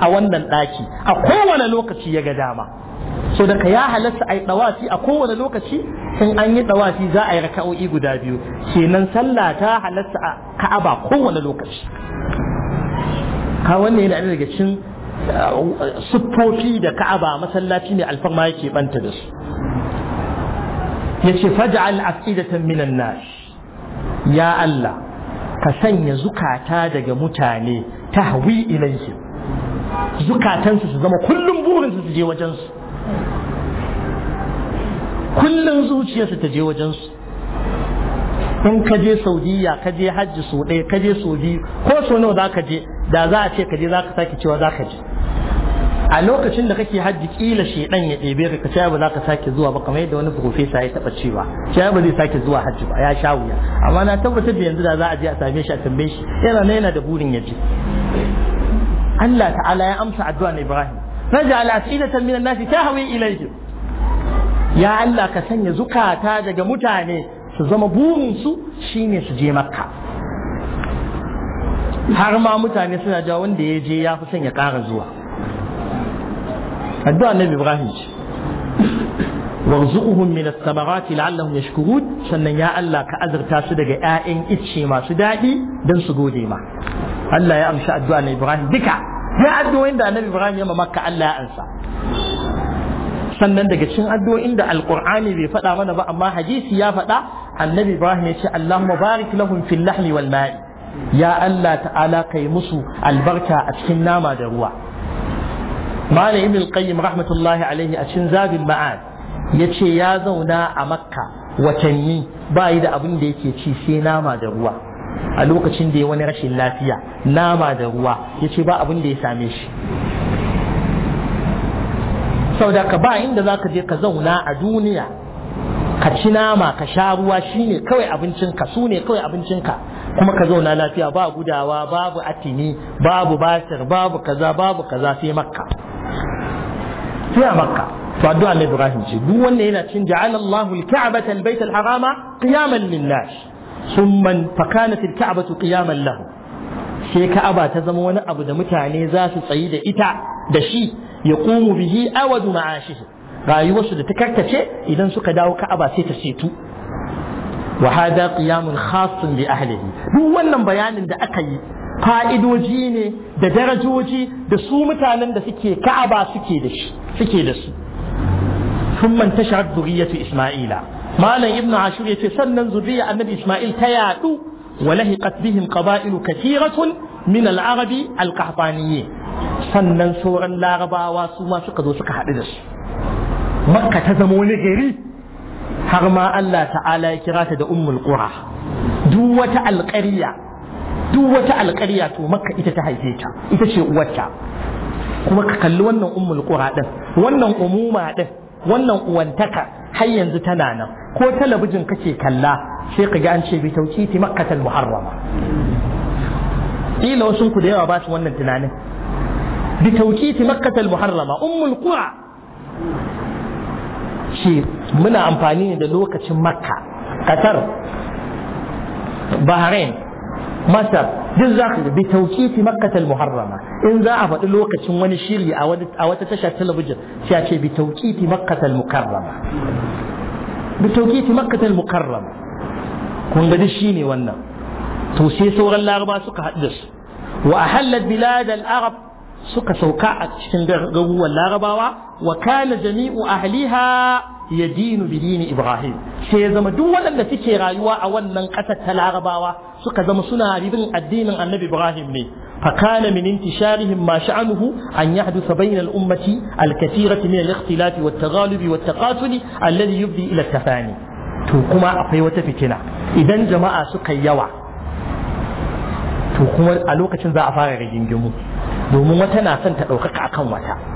a wannan ɗaki a kowane lokaci ya ga dama so daga ya halasta a yi ɗawafi a kowane lokaci in an yi ɗawafi za a yi raka'o'i guda biyu kenan sallah ta halasta a ka'aba kowane lokaci ka wannan yana daga cikin uh, siffofi da ka'aba masallaci ne alfarma yake banta da su yace faj'al afidatan minan nas ya Allah ka sanya zukata daga mutane tahwi ilayhi zukatansu su zama kullum burinsu su je wajensu kullum zuciyarsu ta je wajensu in ka je saudiya ka je hajji sau ɗaya ka je sau biyu ko sau nawa za ka je da za a ce ka je za ka sake cewa za ka je a lokacin da kake hajji kila shedan ya ɗebe ka kace ba za ka sake zuwa ba kamar yadda wani profesa ya taba cewa cewa ba zai sake zuwa hajji ba ya sha wuya amma na tabbatar da yanzu da za a je a same shi a tambaye shi yana ne yana da burin ya je Allah ta'ala ya amsa addu'a na Ibrahim naj'al afidatan minan nasi hawi ilayhim ya Allah ka sanya zukata daga mutane su zama burin su shine su je makka har ma mutane suna jawa wanda ya je ya fi son ya ƙara zuwa addu'a annabi ibrahim ce warzuquhum min as-samarati la'allahum yashkurun sannan ya Allah ka azurta su daga ƴaƴan icce daɗi dan su gode ma Allah ya amshi addu'a Ibrahim duka ya addu'o'in da annabi Ibrahim ya Allah ya ansa sannan daga cikin addu'o'in da alqur'ani bai faɗa mana ba amma hadisi ya faɗa annabi Ibrahim ya ce Allahumma barik lahum fil lahmi wal ma'i ya Allah ta'ala kai musu albarka a cikin nama da ruwa malam ibn qayyim rahmatullahi alaihi a cikin zabil ma'ad yace ya zauna a makka watanni ba yi da abin da yake ci sai nama da ruwa a lokacin da ya wani rashin lafiya nama da ruwa yace ba abin da ya same shi saboda ka ba inda zaka je ka zauna a duniya ka ci nama ka sha ruwa shine kawai abincinka su ne kawai abincinka kuma ka zauna lafiya ba gudawa babu atini babu basir babu kaza babu kaza sai makka sai a makka to ibrahim ce duk wanda yana cin ja'ala Allahu al-ka'bata al harama qiyaman lin lahu ka'aba ta zama wani abu da mutane za su tsayi da ita da shi ya komu bihi awadu ma'ashihi rayuwarsu da ta karkace idan suka dawo ka'aba sai ta setu wa hada qiyamun bi ahlihi duk wannan bayanin da aka yi fa'idoji ne da darajoji da su mutanen da suke ka'aba suke da suke su sun tashar zuriyatu isma'ila malam ibnu ashur ce sannan zuriya annabi isma'il ta yadu wa lahiqat bihim qaba'ilu kathiratun min al-arabi al sannan sauran larabawa su ma suka zo suka haɗu da su makka ta zama wani gari har ma Allah ta'ala ya kira ta da ummul qura duk wata alƙarya duk wata alƙarya to makka ita ta haife ta ita ce uwarta kuma ka kalli wannan ummul qura din wannan umuma din wannan uwantaka har yanzu tana nan ko talabijin kake kalla sai ka ga an ce bi tawqiti makkatul muharrama kila wasu ku da yawa ba su wannan tunanin bi tawqiti makkatul muharrama ummul qura shi muna amfani ne da lokacin makka qatar bahrain مصر جزاك بتوكيت مكة المحرمة إن ذا عفت اللوقة شمون الشيري أو تتشع تلفجر شاكي بتوكيت مكة المكرمة بتوكيت مكة المكرمة كون قد الشيني وانا توسي سوغ الأغباء سوك حدث وأحلت بلاد الأغب سوك سوكاعت شنبغ غوو الأغباء وكان جميع أهليها ya dinu bi Ibrahim sai zama duk waɗanda suke rayuwa a wannan ƙasar ta larabawa suka zama suna bin addinin annabi Ibrahim ne fakana min intisharihim ma sha'anuhu an yahdusa bayna al-ummati al-kathira min al-ikhtilafi wa at-taghalubi wa at-taqatuli alladhi to kuma akwai wata fitina idan jama'a suka yawa to kuma a lokacin za a fara rigingimu domin wata na son ta ɗaukaka akan wata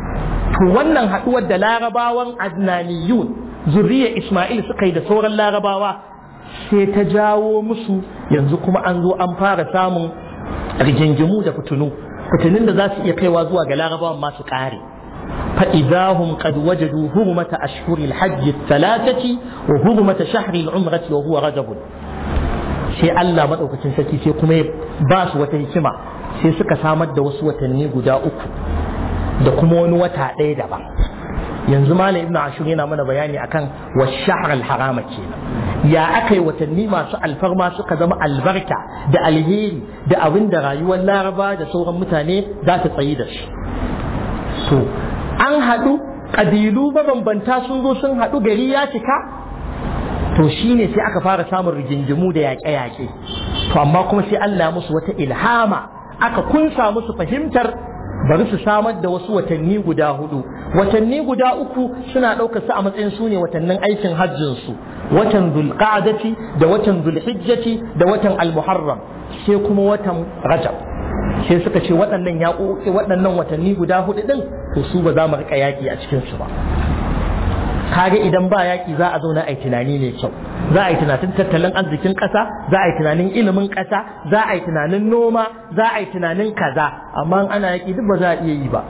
to wannan haɗuwar da larabawan adnaniyun zuriya isma'il suka yi da sauran larabawa sai ta jawo musu yanzu kuma an zo an fara samun rigingimu da fitinu fitinin da za su iya kaiwa zuwa ga larabawan masu ƙare فإذا هم قد وجدوا هرمة أشهر الحج الثلاثة وهرمة شهر العمرة وهو رجب sai Allah maɗaukacin sarki sai kuma ba su wata hikima sai suka samar da wasu watanni guda uku da kuma wani wata ɗaya daban yanzu malam ibnu ashur yana mana bayani akan washahr al-harama kenan ya akai watanni masu alfarma suka zama albarka da alheri da abin da rayuwar laraba da sauran mutane za ta tsayi da shi to an haɗu ƙabilu mabambanta sun zo sun haɗu gari ya cika to shine sai aka fara samun rigingimu da yaƙe-yaƙe to amma kuma sai Allah musu wata ilhama aka kunsa musu fahimtar bari su samar da wasu watanni guda hudu watanni guda uku suna ɗaukar su a matsayin su ne watannin aikin hajjin su watan zulqa'dati da watan zulhijjati da watan almuharram sai kuma watan rajab sai suka ce waɗannan waɗannan watanni guda hudu ɗin. to su ba za mu riƙa yaƙi a cikin su ba kaga idan ba yaki za a zauna a yi tunani ne kyau za a yi tunanin tattalin arzikin ƙasa za a yi tunanin ilimin ƙasa za a yi tunanin noma za a yi tunanin kaza amma ana yaki duk ba za a iya yi ba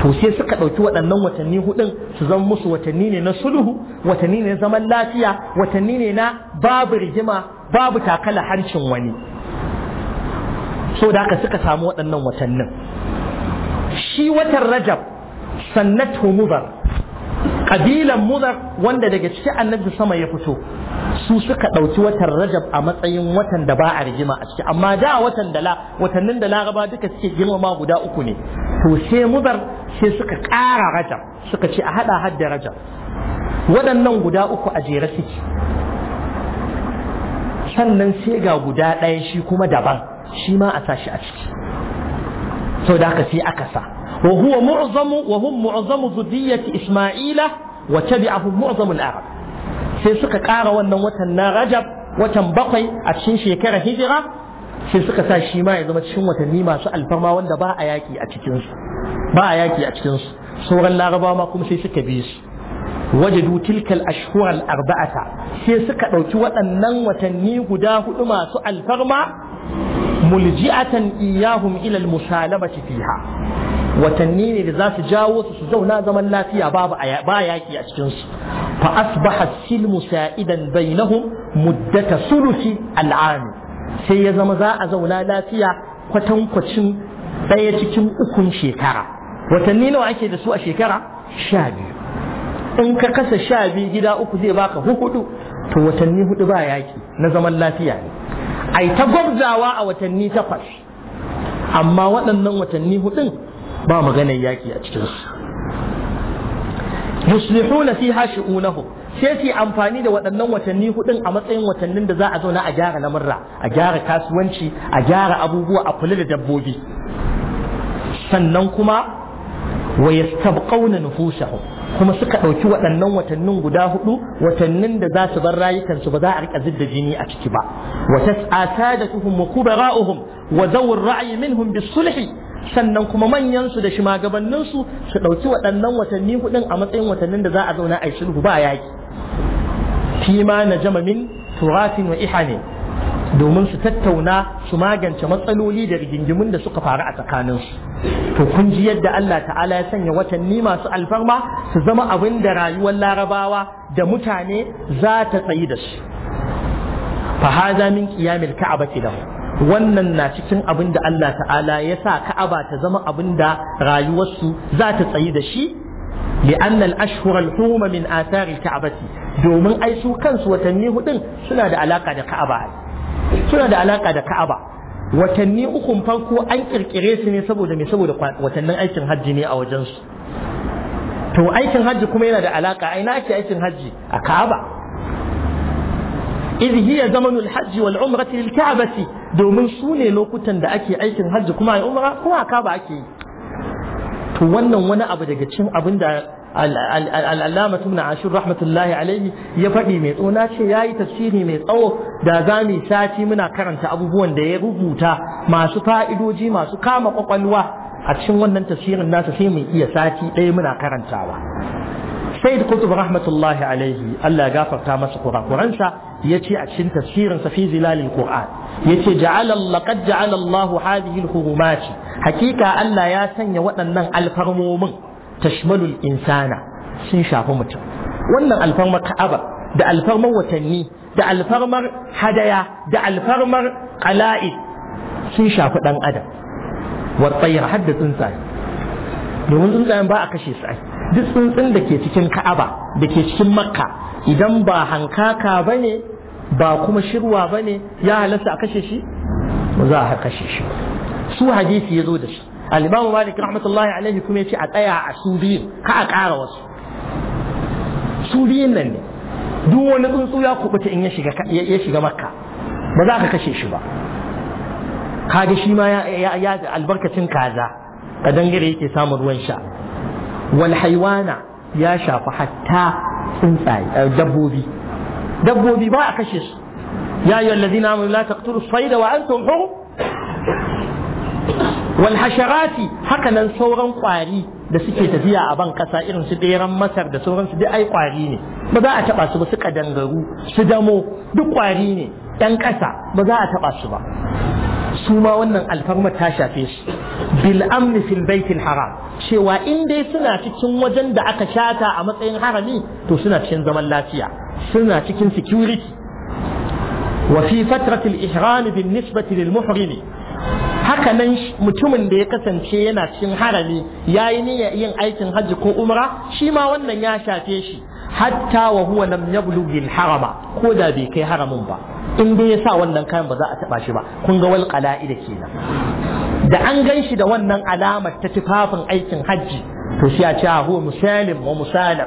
to sai suka ɗauki waɗannan watanni huɗun su zan musu watanni ne na sulhu watanni ne na zaman lafiya watanni ne na babu rigima babu takala harshen wani so da haka suka samu waɗannan watannin shi watan rajab sannat humubar kabilan mudar wanda daga ciki annabi sama ya fito su suka ɗauki watan rajab a matsayin watan da ba a rigima a ciki amma da watan da la watannin da laraba duka suke girmama guda uku ne to sai mudar sai suka ƙara rajab suka ce a haɗa hadda rajab waɗannan guda uku a jere suke sannan sai ga guda ɗaya shi kuma daban shi ma a sa shi a ciki sau da aka sai aka sa وهو معظم وهم معظم ذرية إسماعيل وتبعهم معظم العرب sai suka ƙara wannan watan na rajab watan bakwai a cikin shekarar hijira sai suka sa shi ma ya zama cikin watanni masu alfarma wanda ba a yaƙi a cikinsu ba a yaƙi a cikinsu sauran laraba kuma sai suka bi su wajadu tilkal ashhur arba'ata sai suka ɗauki waɗannan watanni guda huɗu masu alfarma mulji'atan iyahum ila al musalamati fiha watanni ne da za su jawo su su zauna zaman lafiya babu ba yaki a cikin su fa asbaha silmu sa'idan bainahum muddata sulusi al'am sai ya zama za a zauna lafiya kwatankwacin ɗaya cikin ukun shekara watanni nawa ake da su a shekara sha biyu in ka kasa sha biyu gida uku zai baka huɗu? to watanni hudu ba yaki na zaman lafiya ne ai ta gwabzawa a watanni takwas amma waɗannan watanni hudun ba maganar yaki a cikin su yuslihuna fiha shu'unahum sai su amfani da waɗannan watanni hudun a matsayin watannin da za a zauna a gyara lamurra a gyara kasuwanci a gyara abubuwa a kula da dabbobi sannan kuma wa yastabqawna nufusahum kuma suka ɗauki waɗannan watannin guda hudu watannin da za su bar rayukansu ba za a rika zidda jini a ciki ba wa tas'ata da kuhum wa kubara'uhum wa zawur ra'yi minhum sulhi. sannan kuma manyansu da shimagabanninsu su ɗauki waɗannan watanni hudun a matsayin watannin da za a zauna a yi sulhu ba yaki fima na jamamin turatin wa ihane domin su tattauna su magance matsaloli da rigingimun da suka faru a tsakaninsu to kun ji yadda Allah ta'ala ya sanya watanni masu alfarma su zama abin da rayuwar larabawa da mutane za ta tsayi da su fa haza min qiyamil ka'abati lahu wannan na cikin abinda Allah ta'ala ya sa ka'aba ta zama abin da rayuwarsu za ta tsayi da shi لأن الأشهر الحرم من آثار الكعبة domin ai kansu watanni hudun suna da alaka da Ka'aba suna da alaka da Ka'aba watanni ukun farko an kirkire su ne saboda me saboda watannin aikin hajji ne a wajensu. to aikin hajji kuma yana da alaka Ina ake aikin hajji a Ka'aba idh hiya zamanul hajj wal umrati lil ka'bati domin sune lokutan da ake aikin hajji kuma ai umra kuma ake yi to wannan wani abu daga cikin abin da al'allama tun ashir rahmatullahi alaihi ya faɗi mai tsona ce ya yi tafsiri mai tsawo da za mu sati muna karanta abubuwan da ya rubuta masu fa'idodi masu kama kwakwalwa a cikin wannan tafsirin nasa sai mu iya sati ɗaya muna karantawa sayyid qutb rahmatullahi alaihi Allah gafarta masa Ya ce a cikin tafsirin sa fi zilalil qur'an yace ja'ala laqad ja'ala Allah hadhihi al-hurumat hakika Allah ya sanya waɗannan alfarmomin tashmalul insana sun shafi mutum wannan alfarmar ka'aba da alfarmar watanni da alfarmar hadaya da alfarmar qala'id sun shafi dan adam wa tsayar hadda tsuntsaye domin tsuntsayen ba a kashe su duk tsuntsun da ke cikin ka'aba da ke cikin makka idan ba hankaka ba ne ba kuma shirwa ba ne ya halasta a kashe shi za a kashe shi su hadisi ya zo da shi al malik rahmatullahi alaihi kuma ya ce a tsaya a su biyun ka a ƙara wasu su biyun nan ne duk wani tsuntsu ya kubuta in ya shiga makka ba za ka kashe shi ba kaga shi ma ya albarkacin kaza a dangare yake samun ruwan sha wal ya shafi hatta tsuntsaye eh, dabbobi dabbobi ba a kashe su ya yi wallazi na la taqtulu sayda wa antum haka nan sauran kwari da suke tafiya a ban kasa irin su ɗeran masar da sauran su duk ai kwari ne ba za a taba su ba su ƙadangaru su damo duk kwari ne ɗan ƙasa ba za a taba su ba su ma wannan alfarma ta shafe su bil amni fil baitil haram cewa in dai suna cikin wajen da aka shata a matsayin harami to suna cikin zaman lafiya suna cikin security wa fi fatratil ihram bin nisbati lil muhrimi haka nan mutumin da ya kasance yana cikin harami yayi niyyar yin aikin hajji ko umra shi ma wannan ya shafe shi hatta wa huwa lam yablughi harama ko da bai kai haramin ba in dai sa wannan kayan ba za a taba shi ba kun ga wal qala'ida kenan da an gan shi da wannan alamar ta tufafin aikin hajji to shi ya ce ah, huwa musalim wa musalam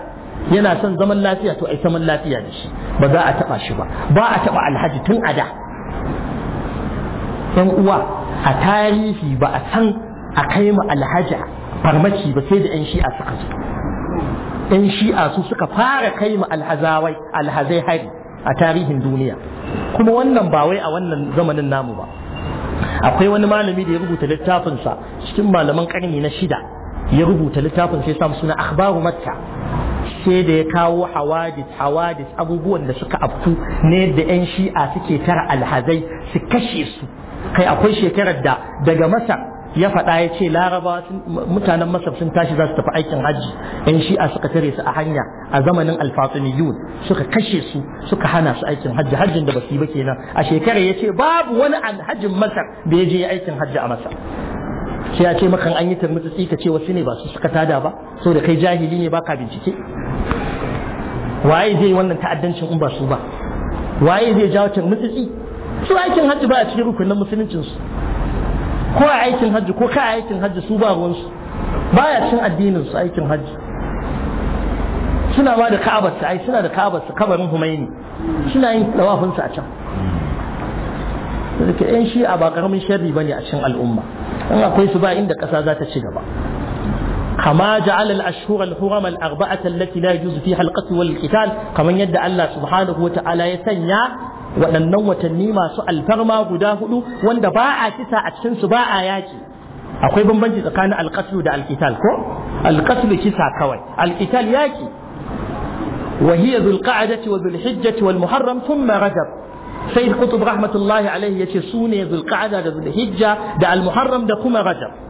yana son zaman lafiya to ai zaman lafiya da shi ba za a taba shi ba ba a taba alhaji tun a da yan uwa a tarihi ba a san a kai mu alhaji farmaki ba sai da yan shi'a suka zo 'yan shi'a su suka fara kai ma alhazawai alhazai hari a tarihin duniya kuma wannan ba wai a wannan zamanin namu ba akwai wani malami da ya rubuta littafinsa cikin malaman karni na shida ya rubuta littafin sai samu suna akhbaru matta sai da ya kawo hawadis hawadis abubuwan da suka afku ne da 'yan shi'a suke tara alhazai su kashe su kai akwai shekarar da daga masar ya faɗa ya ce laraba mutanen masar sun tashi za su tafi aikin hajji yan shi'a suka tare su a hanya a zamanin alfatsimiyun suka kashe su suka hana su aikin hajji hajjin da ba su yi ba kenan a shekara ya ce babu wani an hajjin masar da ya je aikin hajji a masar sai a ce makan an yi turmutsi ka ce wasu ne ba su suka tada ba so da kai jahili ne ba baka bincike waye zai wannan ta'addancin in ba su ba waye zai jawo turmutsi su aikin hajji ba a cikin rukunin musuluncin su ko a aikin hajji ko ka aikin hajji su ba ruwansu ya cin addinin su aikin hajji suna ma da ka'abar su ai suna da ka'abar su kabarin Humaini suna yin tawafin su a can suke yan shi ba karamin sharri bane a cikin al'umma in akwai su ba inda kasa za ta ci gaba كما جعل الأشهر الحرم الأربعة التي لا Yusufi فيها القتل والقتال كما يدعى الله سبحانه ya sanya. waɗannan watanni masu alfarma guda hudu wanda ba a kisa a cikin su ba a yaki akwai bambanci tsakanin alqatlu da alqital ko alqatlu kisa kawai alqital yaki wa hiya zul qa'dati wa zul hijjati wal muharram thumma rajab sai kutub rahmatullahi alayhi yace sune zul qa'da da zul hijja da al muharram da kuma rajab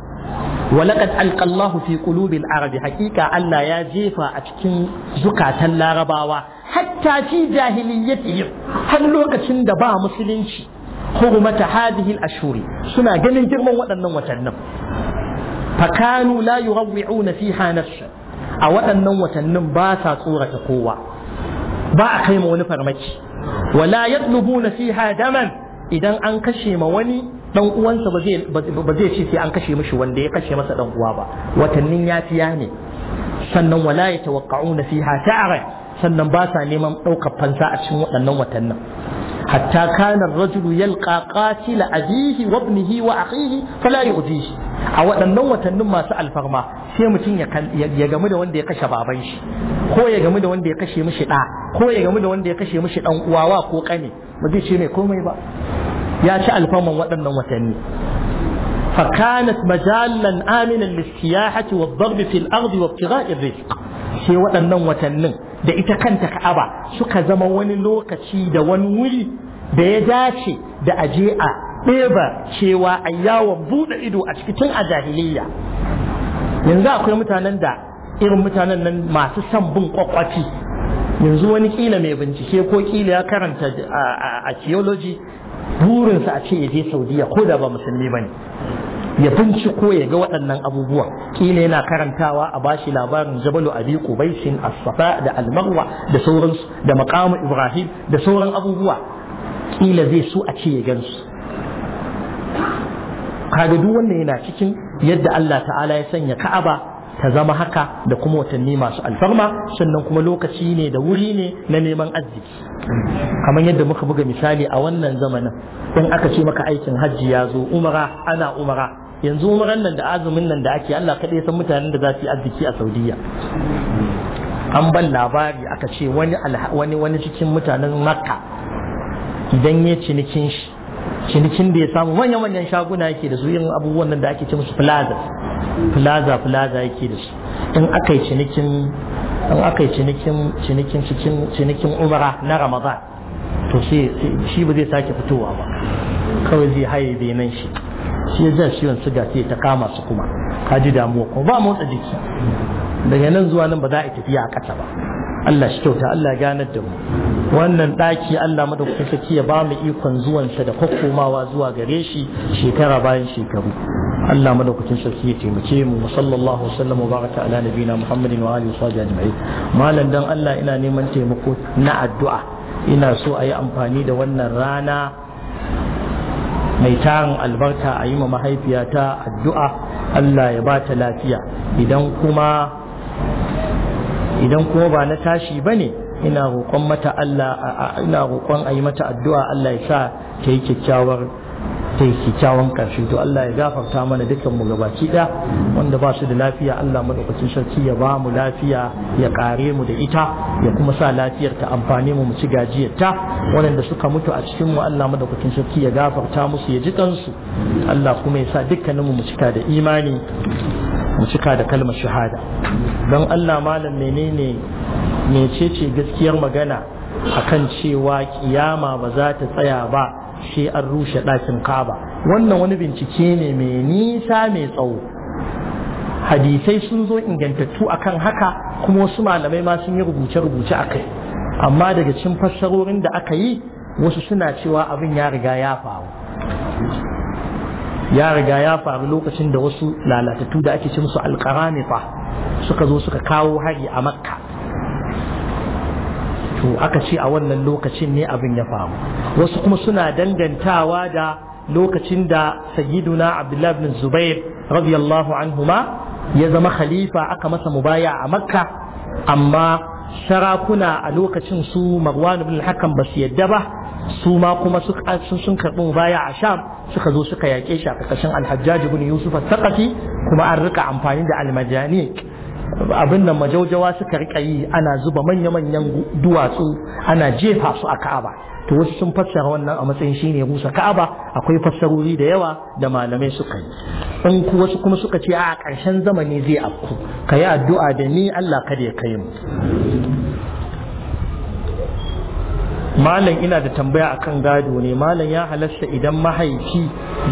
ولقد ألقى الله في قلوب العرب حقيقة ألا يا جيفا أتكين زكاة اللارباوة حتى في جاهليتهم هل لوقت دبا مسلمشي حرمة هذه الأشهر سنة جنن جرما وأنا وتنم فكانوا لا يروعون فيها نفسا a waɗannan watannin ba sa tsorata kowa ba a kai ma wani farmaki wala yadlubuna fiha daman idan an kashe ma wani dan uwansa ba zai ba zai ce sai an kashe mishi wanda ya kashe masa dan uwa ba watannin yafiya ne sannan wala yatawaqqa'una fiha ta'ara sannan ba sa neman daukar fansa a cikin waɗannan watannin hatta kana ar-rajulu yalqa qatila abihi wa ibnihi wa akhihi fala a waɗannan watannin masu alfarma sai mutum ya gamu da wanda ya kashe baban shi ko ya gamu da wanda ya kashe mishi ɗa ko ya gamu da wanda ya kashe mishi ɗan wa ko ƙane ba zai ce mai komai ba ya ci alfaman waɗannan watanni فكانت مجالا wa للسياحة fil في الأرض وابتغاء الرزق sai waɗannan watannin da ita kanta ka'aba suka zama wani lokaci da wani wuri da ya dace da aje a ɗeba cewa a yawon buɗe ido a cikin a jahiliya yanzu akwai mutanen da irin mutanen nan masu son bin kwakwati yanzu wani kila mai bincike ko kila ya karanta a burinsa a ce ya je saudiya ko da ba musulmi ba ne ya binciko ya ga waɗannan abubuwa Ƙila yana karantawa a bashi labarin jabalu abi qubaisin as-safa da al da sauransu da maqamu ibrahim da sauran abubuwa Ƙila zai so a ce ya gansu kaga duk wannan yana cikin yadda Allah ta'ala ya sanya Ka'aba ta zama haka da kuma watanni masu alfarma sannan kuma lokaci ne da wuri ne na neman arziki kamar yadda muka buga misali a wannan zamanin in aka ce maka aikin hajji ya zo umara ana umara yanzu umaran nan da azumin nan da ake Allah kaɗai san mutanen da za su yi arziki a Saudiya an ban labari aka ce wani wani cikin mutanen Makka idan ya cinikin shi cinikin da ya samu manya-manyan shaguna yake da su yin abubuwan nan da ake ce musu plaza plaza plaza yake da su in aka yi cinikin in aka yi cinikin cinikin cikin cinikin umara na ramadan to shi ba zai sake fitowa ba kawai zai haye nan shi shi ya zai ciwon suga sai ta kama su kuma ka ji damuwa kuma ba motsa jiki daga nan zuwa nan ba za a tafiya a ƙasa ba Allah shi kyauta Allah ganar da mu wannan ɗaki Allah madaukakin sarki ya ba mu ikon zuwansa da kokkomawa zuwa gare shi shekara bayan shekaru Allah madaukakin sarki ya taimake mu sallallahu wasallam wa baraka ala nabiyina Muhammadin wa alihi wa ajma'in malam dan Allah ina neman taimako na addu'a ina so a yi amfani da wannan rana mai tarin albarka a yi ma mahaifiyata addu'a Allah ya ba ta lafiya idan kuma idan kuma ba na tashi ba ne ina roƙon mata Allah ina roƙon a yi mata addu'a Allah ya sa ta yi kyakkyawar ta yi kyakkyawan ƙarshe to Allah ya gafarta mana dukkan mu gabaki da wanda ba su da lafiya Allah madaukakin sarki ya ba mu lafiya ya kare mu da ita ya kuma sa lafiyar ta amfane mu mu ci gajiyar ta waɗanda suka mutu a cikin mu Allah madaukakin sarki ya gafarta musu ya ji kansu Allah kuma ya sa dukkanin mu cika da imani mu cika da kalmar shahada don Allah malam menene mecece gaskiyar magana akan cewa kiyama ba za ta tsaya ba shi an rushe ɗakin kaba wannan wani bincike ne mai nisa mai tsawo hadisai sun zo ingantattu akan haka kuma wasu malamai ma sun yi rubuce-rubuce a kai amma daga cin fassarorin da aka yi wasu suna cewa abin ya riga ya faru ya riga ya faru lokacin da wasu lalatattu da ake ce musu alƙaramita suka zo suka kawo hari a makka to aka ce a wannan lokacin ne abin ya faru wasu kuma suna dangantawa da lokacin da sayyiduna abdullahi bin zubair radiyallahu anhuma ya zama khalifa aka masa mubaya a makka amma sarakuna a lokacin su marwan bin hakan ba su yadda ba su ma kuma sun karɓi baya a sham suka zo suka yaƙe shi a ƙarƙashin alhajjaji bin yusuf sakafi kuma an rika amfani da almajani abin nan majaujawa suka rika yi ana zuba manya-manyan duwatsu ana jefa su a ka'aba to wasu sun fassara wannan a matsayin shine rusa ka'aba akwai fassarori da yawa da malamai suka yi in ku wasu kuma suka ce a ƙarshen zamani zai afku ka yi addu'a da ni Allah kada ya kai mu malam ina da tambaya akan gado ne malam ya halasta idan mahaifi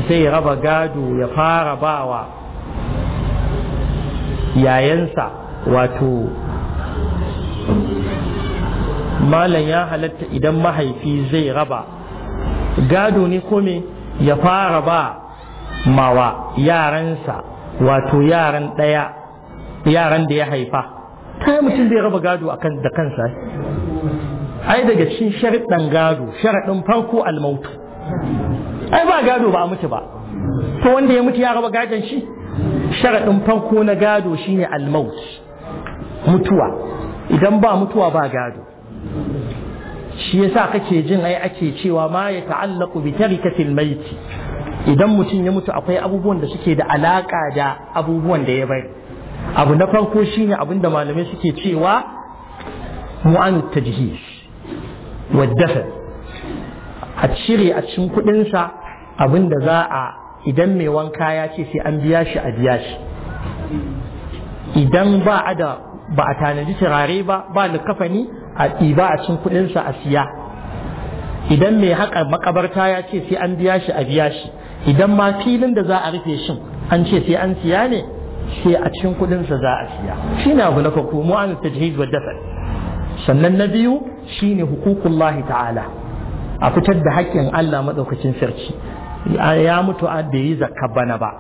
zai raba gado ya fara bawa yayansa wato malam ya halatta idan mahaifi zai raba gado ne kome ya fara ba mawa yaransa wato yaran ɗaya yaran da ya haifa ta mutum zai raba gado da kansa ai daga cikin sharaɗin gado sharaɗin farko almautu ai ba gado ba a mutu ba to wanda ya mutu ya raba gadon shi sharaɗin farko na gado shine almaut mutuwa idan ba mutuwa ba gado shi yasa kake jin ai ake cewa ma ya ta'allaqu bi tarikatil idan mutum ya mutu akwai abubuwan da suke da alaka da abubuwan da ya bari abu na farko shine abinda malamai suke cewa mu'anu tajhiz waddafa a cire a cikin kuɗinsa abin da za a idan mai wanka ya ce sai an biya shi a biya shi idan ba a da ba a tanaji turare ba ba likafani a ɗiba a cikin kuɗinsa a siya idan mai haka makabarta ya ce sai an biya shi a biya shi idan ma filin da za a rufe shin an ce sai an siya ne sai a cikin kuɗinsa za a siya shi ne abu na farko mu an wa dafa sannan na biyu Shi hukukun hukukullahi ta'ala a fitar da haƙƙin Allah maɗaukacin sarki ya mutu a da yi zakka bana ba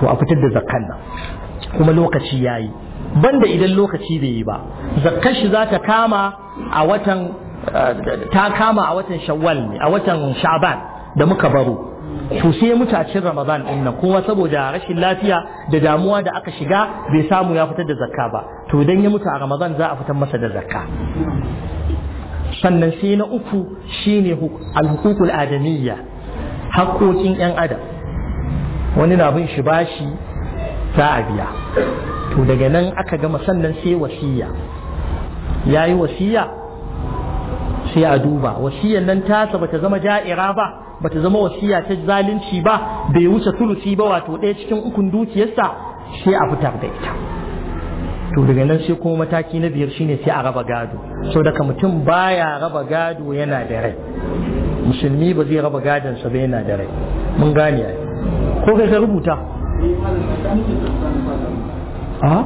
to a fitar da zakkan nan kuma lokaci ya yi banda idan lokaci bai yi ba zakkar shi za ta kama a watan eh, ta kama a watan shawwal ne a watan sha'ban da muka baro to sai mutacin ramadan din nan kowa saboda rashin lafiya da damuwa da aka shiga bai samu ya fitar da zakka ba to idan ya mutu a ramadan za a fitar masa da zakka sannan sai na uku shine alhukukul adamiyya haƙoƙin 'yan adam wani na bin shi bashi za a biya to daga nan aka gama sannan sai wasiya ya yi wasiya sai a duba wasiyan nan tasa bata zama ja'ira ba bata zama wasiya ta zalunci ba bai wuce sulusi ba wato ɗaya cikin ukun dukiyarsa sai a fitar da ita to daga nan sai kuma mataki na biyar shine sai a raba gado so daga mutum baya raba gado yana da rai musulmi ba zai raba gadon sa ba yana da rai mun gane ai ko kai ka rubuta a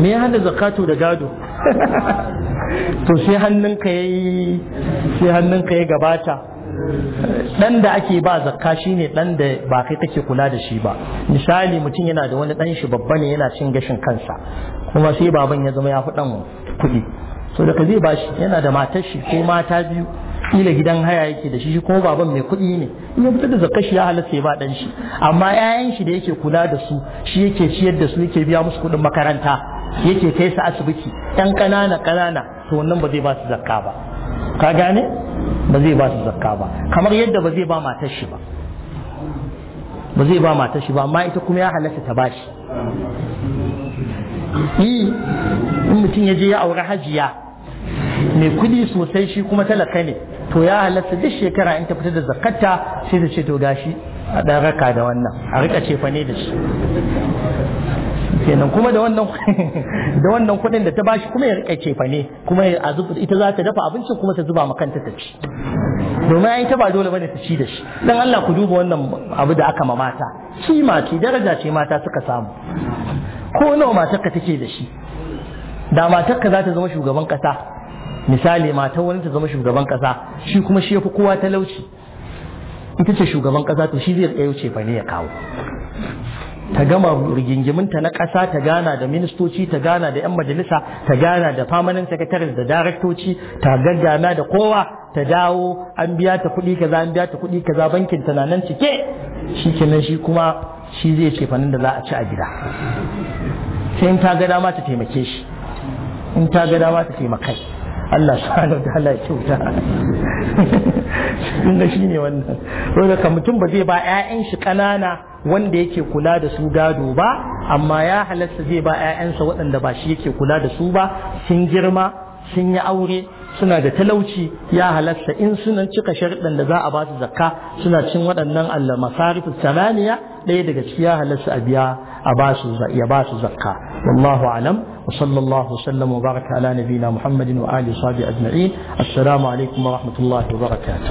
me ya hada zakato da gado to sai hannunka yayi sai hannunka ya gabata dan da ake ba zakka shine dan da ba kai kake kula da shi ba misali mutum yana da wani dan shi babba ne yana cin gashin kansa kuma sai baban ya zama ya fi dan kuɗi so da ka zai bashi yana da matar shi ko mata biyu ila gidan haya yake da shi shi kuma baban mai kuɗi ne in ya fitar da zakka shi ya halatta ya ba dan shi amma 'ya'yan shi da yake kula da su shi yake ciyar da su yake biya musu kuɗin makaranta yake kai su asibiti ƴan ƙanana ƙanana to wannan ba zai ba su zakka ba ka gane ba zai ba su zakka ba kamar yadda ba zai ba matar shi ba ba zai ba matar shi ba amma ita kuma ya halatta ta bashi yi in mutum ya je ya aure hajiya mai kudi sosai shi kuma talaka ne to ya halatta duk shekara in ta fita da zakatta sai ta ce to gashi a ɗan raka da wannan a rika fa ne da shi kenan kuma da wannan da wannan kuɗin da ta bashi kuma ya rike cefa ne kuma a zuba ita za ta dafa abincin kuma ta zuba makanta ta ci domin ai ta ba dole bane ta ci da shi dan Allah ku duba wannan abu da aka ma mata shi ma ki daraja ce mata suka samu ko nawa matarka take da shi da matarka za ta zama shugaban kasa misali matar wani ta zama shugaban kasa shi kuma shi yafi kowa talauci ita ce shugaban kasa to shi zai tsayo ce fa ne ya kawo ta gama rigingiminta na ƙasa ta gana da ministoci ta gana da 'yan majalisa ta gana da famanin sakatare da daraktoci ta gaggana da kowa ta dawo an biya ta kuɗi kaza an biya ta kuɗi kaza bankin na nan cike shi kenan shi kuma shi zai ce fanin da za a ci a gida sai in ta ga dama ta taimake shi in ta ga dama ta taimakai Allah subhanahu wa ta'ala ya kyauta shi ne shine wannan saboda ka mutum ba zai ba 'ya'yan shi kanana wanda yake kula da su gado ba amma ya halatta zai ba 'ya'yansa waɗanda ba shi yake kula da su ba sun girma sun yi aure suna da talauci ya halatta in suna cika sharɗin da za a ba su zakka suna cin waɗannan Allah masarifu samaniya ɗaya daga ciki ya halatta a biya أباس الزكاة والله أعلم وصلى الله وسلم وبارك على نبينا محمد وآل وصحبه أجمعين السلام عليكم ورحمة الله وبركاته